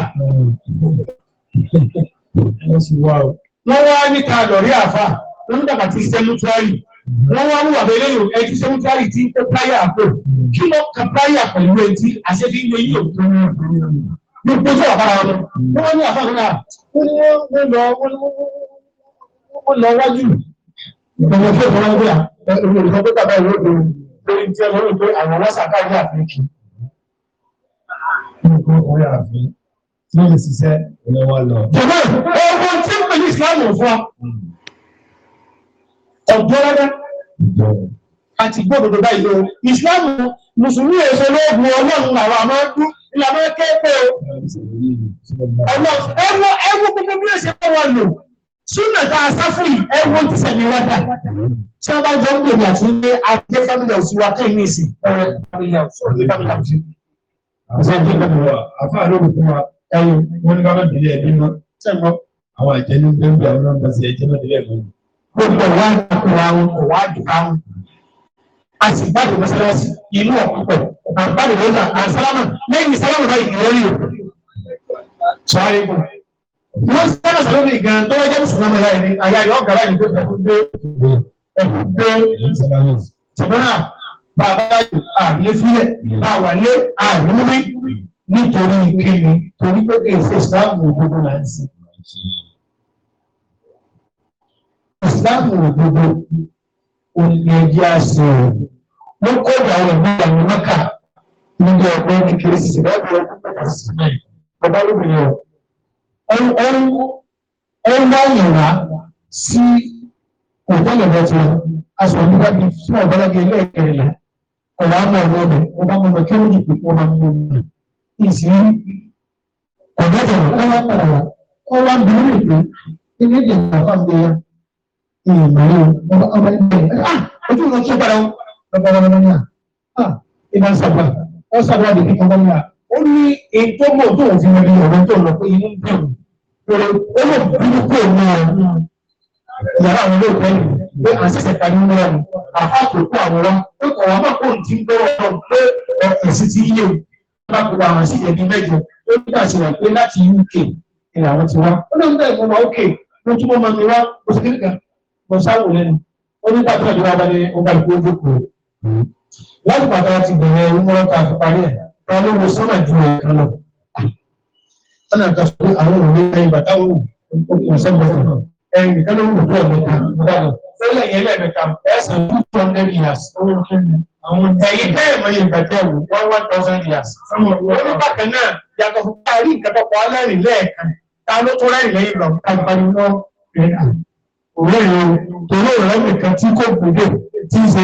Wọ́n wá níta lọ̀rí àfà, wọ́n dàgbà tí ṣe mútúárì. Wọ́n wá wù àbẹ̀ lẹ́yìn ẹni ṣe mútúárì tí ń tẹ́ práyà àpò. Kí ló ka práyà pẹ̀lú ẹtí àṣẹ́bí ń yọ Gbogbo sọ̀rọ̀ fara wọn. Wọ́n wá ní àfáàfin náà, wọ́n lọ wọ́n lọ wájú. Ìgbàgbọ́ fún ìfọwọ́gbà, ìgbàgbọ́ fún ìfọwọ́gbà báyìí ló dùn lórí tí ẹ lórí pé àwọn wọ́sàkà yà fi kì í kó orí àfi tí ó lè ṣiṣẹ́ ìlọ́wọ́ lọ. jọ̀wọ́ ọgbọ́n tí ń pèlú ìsìláàmù fún ọ. ọ̀dọ́rẹ́dẹ́ àti gbọ́dọ̀dọ̀ báyìí o ìsìláàmù mùsùlùmí èso lóògùn ọlọ́run àwọn àmọ́ dún ìlànà kẹ́kẹ́ o. ọlọ́run ẹwọ́ ẹwọ́ gbogbo bí èsì wọn lò súnà tá a sáfù yìí ẹ wo ti sẹ̀mí wá dà tí a bá jọ ń gbèdè àti ilé ajé family house wa kẹ́yìn ní ìsìn ẹ̀rọ family house family house. àṣàjì ìgbàgbọ́ wa àfa àlóòrùn fún wa ẹ̀rù wọn ní bàbá ìdílé ẹ̀mí mọ́ sẹ́gbọ́ àwọn àjẹ́ ní bẹ́ẹ̀ bí àwọn náà bá ṣe ẹ̀jẹ̀ náà délé ẹ̀mí. gbogbo wa ń àwọn ọ̀wá àdúrà wọn a sì gbádùn mọ́sálásí inú ọ̀pọ̀ àgbàdo lọ́jà àṣàlámà wọ́n sábà sọ̀rọ̀ mi gan tó wájú mùsùlùmí ọmọ ẹ̀yà ni àyà yọ̀ ọ̀gá báyìí tó fẹ́ẹ́ gbé ẹ̀kú gbé ṣùgbọ́n bàbá àlè sílẹ̀ báwa lé àlùmí nítorí kíni torí pé kí èsì ìsìláàmù òdodo là ń sìn. ìsìláàmù òdodo òní ẹjẹ́ àṣẹ rẹ̀ ló kó ìyàwó ẹ̀mí àwọn mẹ́ka níbi ọgbẹ́ ní kérésìsì láti ọdún mẹ́ta sí mẹ́rin bàbá lóbìnrin ọ̀hún ó ń wáyàn wá sí òtẹ́ẹ̀lì rẹ̀tìrẹ̀ aṣọ nígbà bíi fún ọ̀gbọ́lọ́gbẹ̀ ilé ìkẹrìnlá ọ̀rọ̀ àmọ̀ ọ̀rọ̀ ọ̀bẹ̀ ọba mọ̀mọ́ kí ó dìbò ọba mọ̀mọ́ ìsìn ọ̀dọ́tọ̀ ọwọ́ padà wá ọwọ́ ń bínú nìkú ilé ìdìbò àfa ń gbéya ìmọ̀lẹ́ ọba ọba ilé ojú ìlú tó padà ọba ọba ọba ní à ìbá sábà èyí tó mọ̀ tó òfin rí ọ̀rọ̀ tó lọ pé inú bí òun ó lè bínú kó o náà yàrá àwọn ilé ìfẹ́ yìí pé àṣìṣe kàní mọ́ ọ̀nà àfa kò kó àwọn ọ̀rọ̀ pé ọ̀rọ̀ àmọ́ kò ní ti ń gbọ́rọ̀ ọ̀rọ̀ pé ẹ̀sì ti yé o bá kó àwọn sí ẹ̀mí mẹ́jọ ó ní bá ṣe wà pé láti UK ẹ̀ àwọn ti wá ó náà ń bẹ̀rẹ̀ mọ́ ok mo túbọ̀ máa mi wá oṣù kékeré mo sáwò lẹ́nu ó ní bàtà ìlú wa bá ní ọgbà ìkó ojú kò láti pàtàkì bẹ̀rẹ̀ ìmúlọ́ta àti parí ẹ̀ ọlọ́run sọ́nà ju ẹ̀kan lọ. sọ́nà kan sọ pé àwọn òwe ẹ̀yìn bàtà wù ó sọ́nà kan ẹ̀yìn kan ló wù pọ̀ lọ́ta lọ́dọ̀. sẹ́lẹ̀ yẹn lẹ́ẹ̀mẹ́ta ẹ̀sán two hundred years owó kẹ́mi. àwọn ẹ̀yìn bẹ́ẹ̀ mọ yẹn bàtà wù one one thousand years. olú bákan náà yàtọ̀ fún parí nǹkan tó kọ́ alẹ́rìn lẹ́ẹ̀kan ta ló tó rẹ́rìn lẹ́yìn lọ agbaniwọ́ òwe rẹ torí ọ̀rẹ́ nìkan tí kò gbòdè tí ń ṣe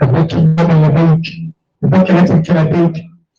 ẹ̀fọ́ kí n bá mi lọ bẹ́ẹ̀ kí ẹ̀fọ́ kí n bá mi lọ bẹ́ẹ̀ kí.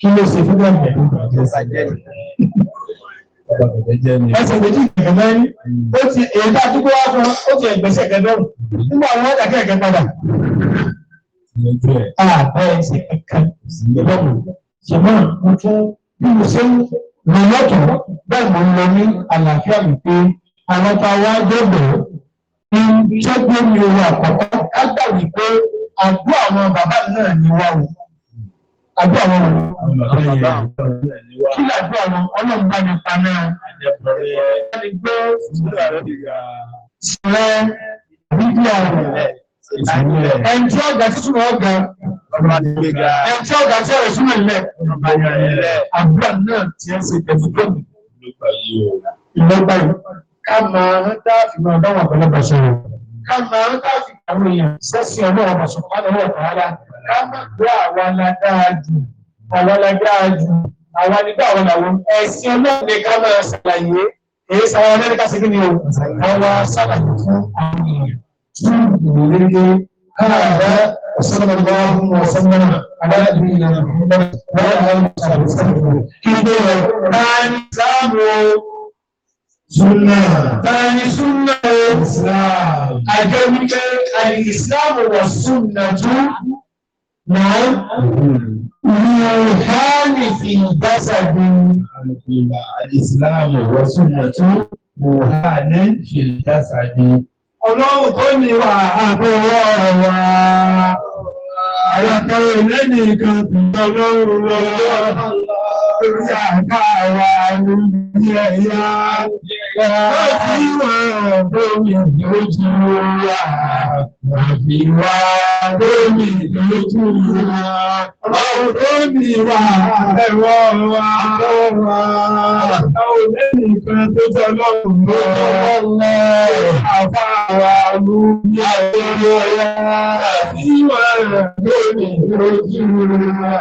kí ló ṣe fún ẹ̀mẹ̀ ẹsẹ̀ méjì kẹ̀kẹ́ mẹ́rin ó ti èyí bá dúpọ̀ wá fún ó ti ẹ̀gbẹ́sẹ̀ kẹ̀dọ́rùn nígbà wọn ọ̀dà kẹ̀kẹ́ padà. àbá ẹsẹ̀ kankan lọ́wọ́ ṣùgbọ́n mo tún bí mo ṣe ń lọ lọ́tọ̀ bẹ́ẹ̀ mo ń lọ ní àlàáfíà mi pé àwọn tá a wá dọ̀dọ̀ ní ṣẹ́gbẹ́ mi ò wà kọ̀ọ̀kan ká wípé àdúrà àwọn bàbá náà ni wà wò àdúrà wọn kí làdúrà wọn ọlọ́run bá ní paná ẹni gbé sílẹ̀ bíbíà rẹ̀ ẹni tí ọ̀gá sísun ọ̀gá ẹni tí ọ̀gá sí ọ̀rọ̀ súnmọ́ ilẹ̀ àdúrà náà ti ẹ̀ ṣe pẹ̀lú gómìnà ìlọ́gbà yìí ká máa ń dá ìmọ̀ ọ̀dọ́wọ̀ àgbàlagbà sọ̀rọ̀ ká máa ń káàfin àwọn èèyàn sẹ́sìn ọlọ́run bọ̀sùn ká lọ́wọ́ ọ̀tàwálá ká má gbé àwọn alágbára jù àwọn alágbára jù àwọn adigun àwọn làwọn ẹ̀sìn ọlọ́run ni ká máa ṣàlàyé èyí sáwọn amẹ́ríkà sí kí ni o àwọn ṣàlàyé fún àwọn èèyàn tún ìwé هذا وصلى الله وسلم على نبينا محمد وعلى اله وصحبه وسلم. Súnà. Báyìí súnà o. Islam. Àjẹ́ wípé àyè Islam wà súnà tó náà ruhani fi basadi. Islam wà súnà tó ruhani fi basadi. Ọlọ́run tó ní wà àbúrò wa. Àyàkọ̀ ìlẹ́nìkan kì lọ́wọ́ sábà wà lórí ẹ̀yà láti wà lórí lójú wa láti wà lórí lójú wa ọ̀rọ̀ mi wà ẹ̀rọ wa lọ́wọ́ àwọn ẹnìkan tó jẹ́ lọ́rùn lọ́wọ́ àbá wa lórí ẹ̀yà láti wà lórí lójú wa.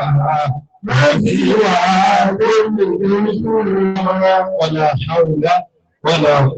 Láti wà á lórí ìrísí ìrìnà ọ̀nà àṣà òdá, ọ̀nà àkùnrin.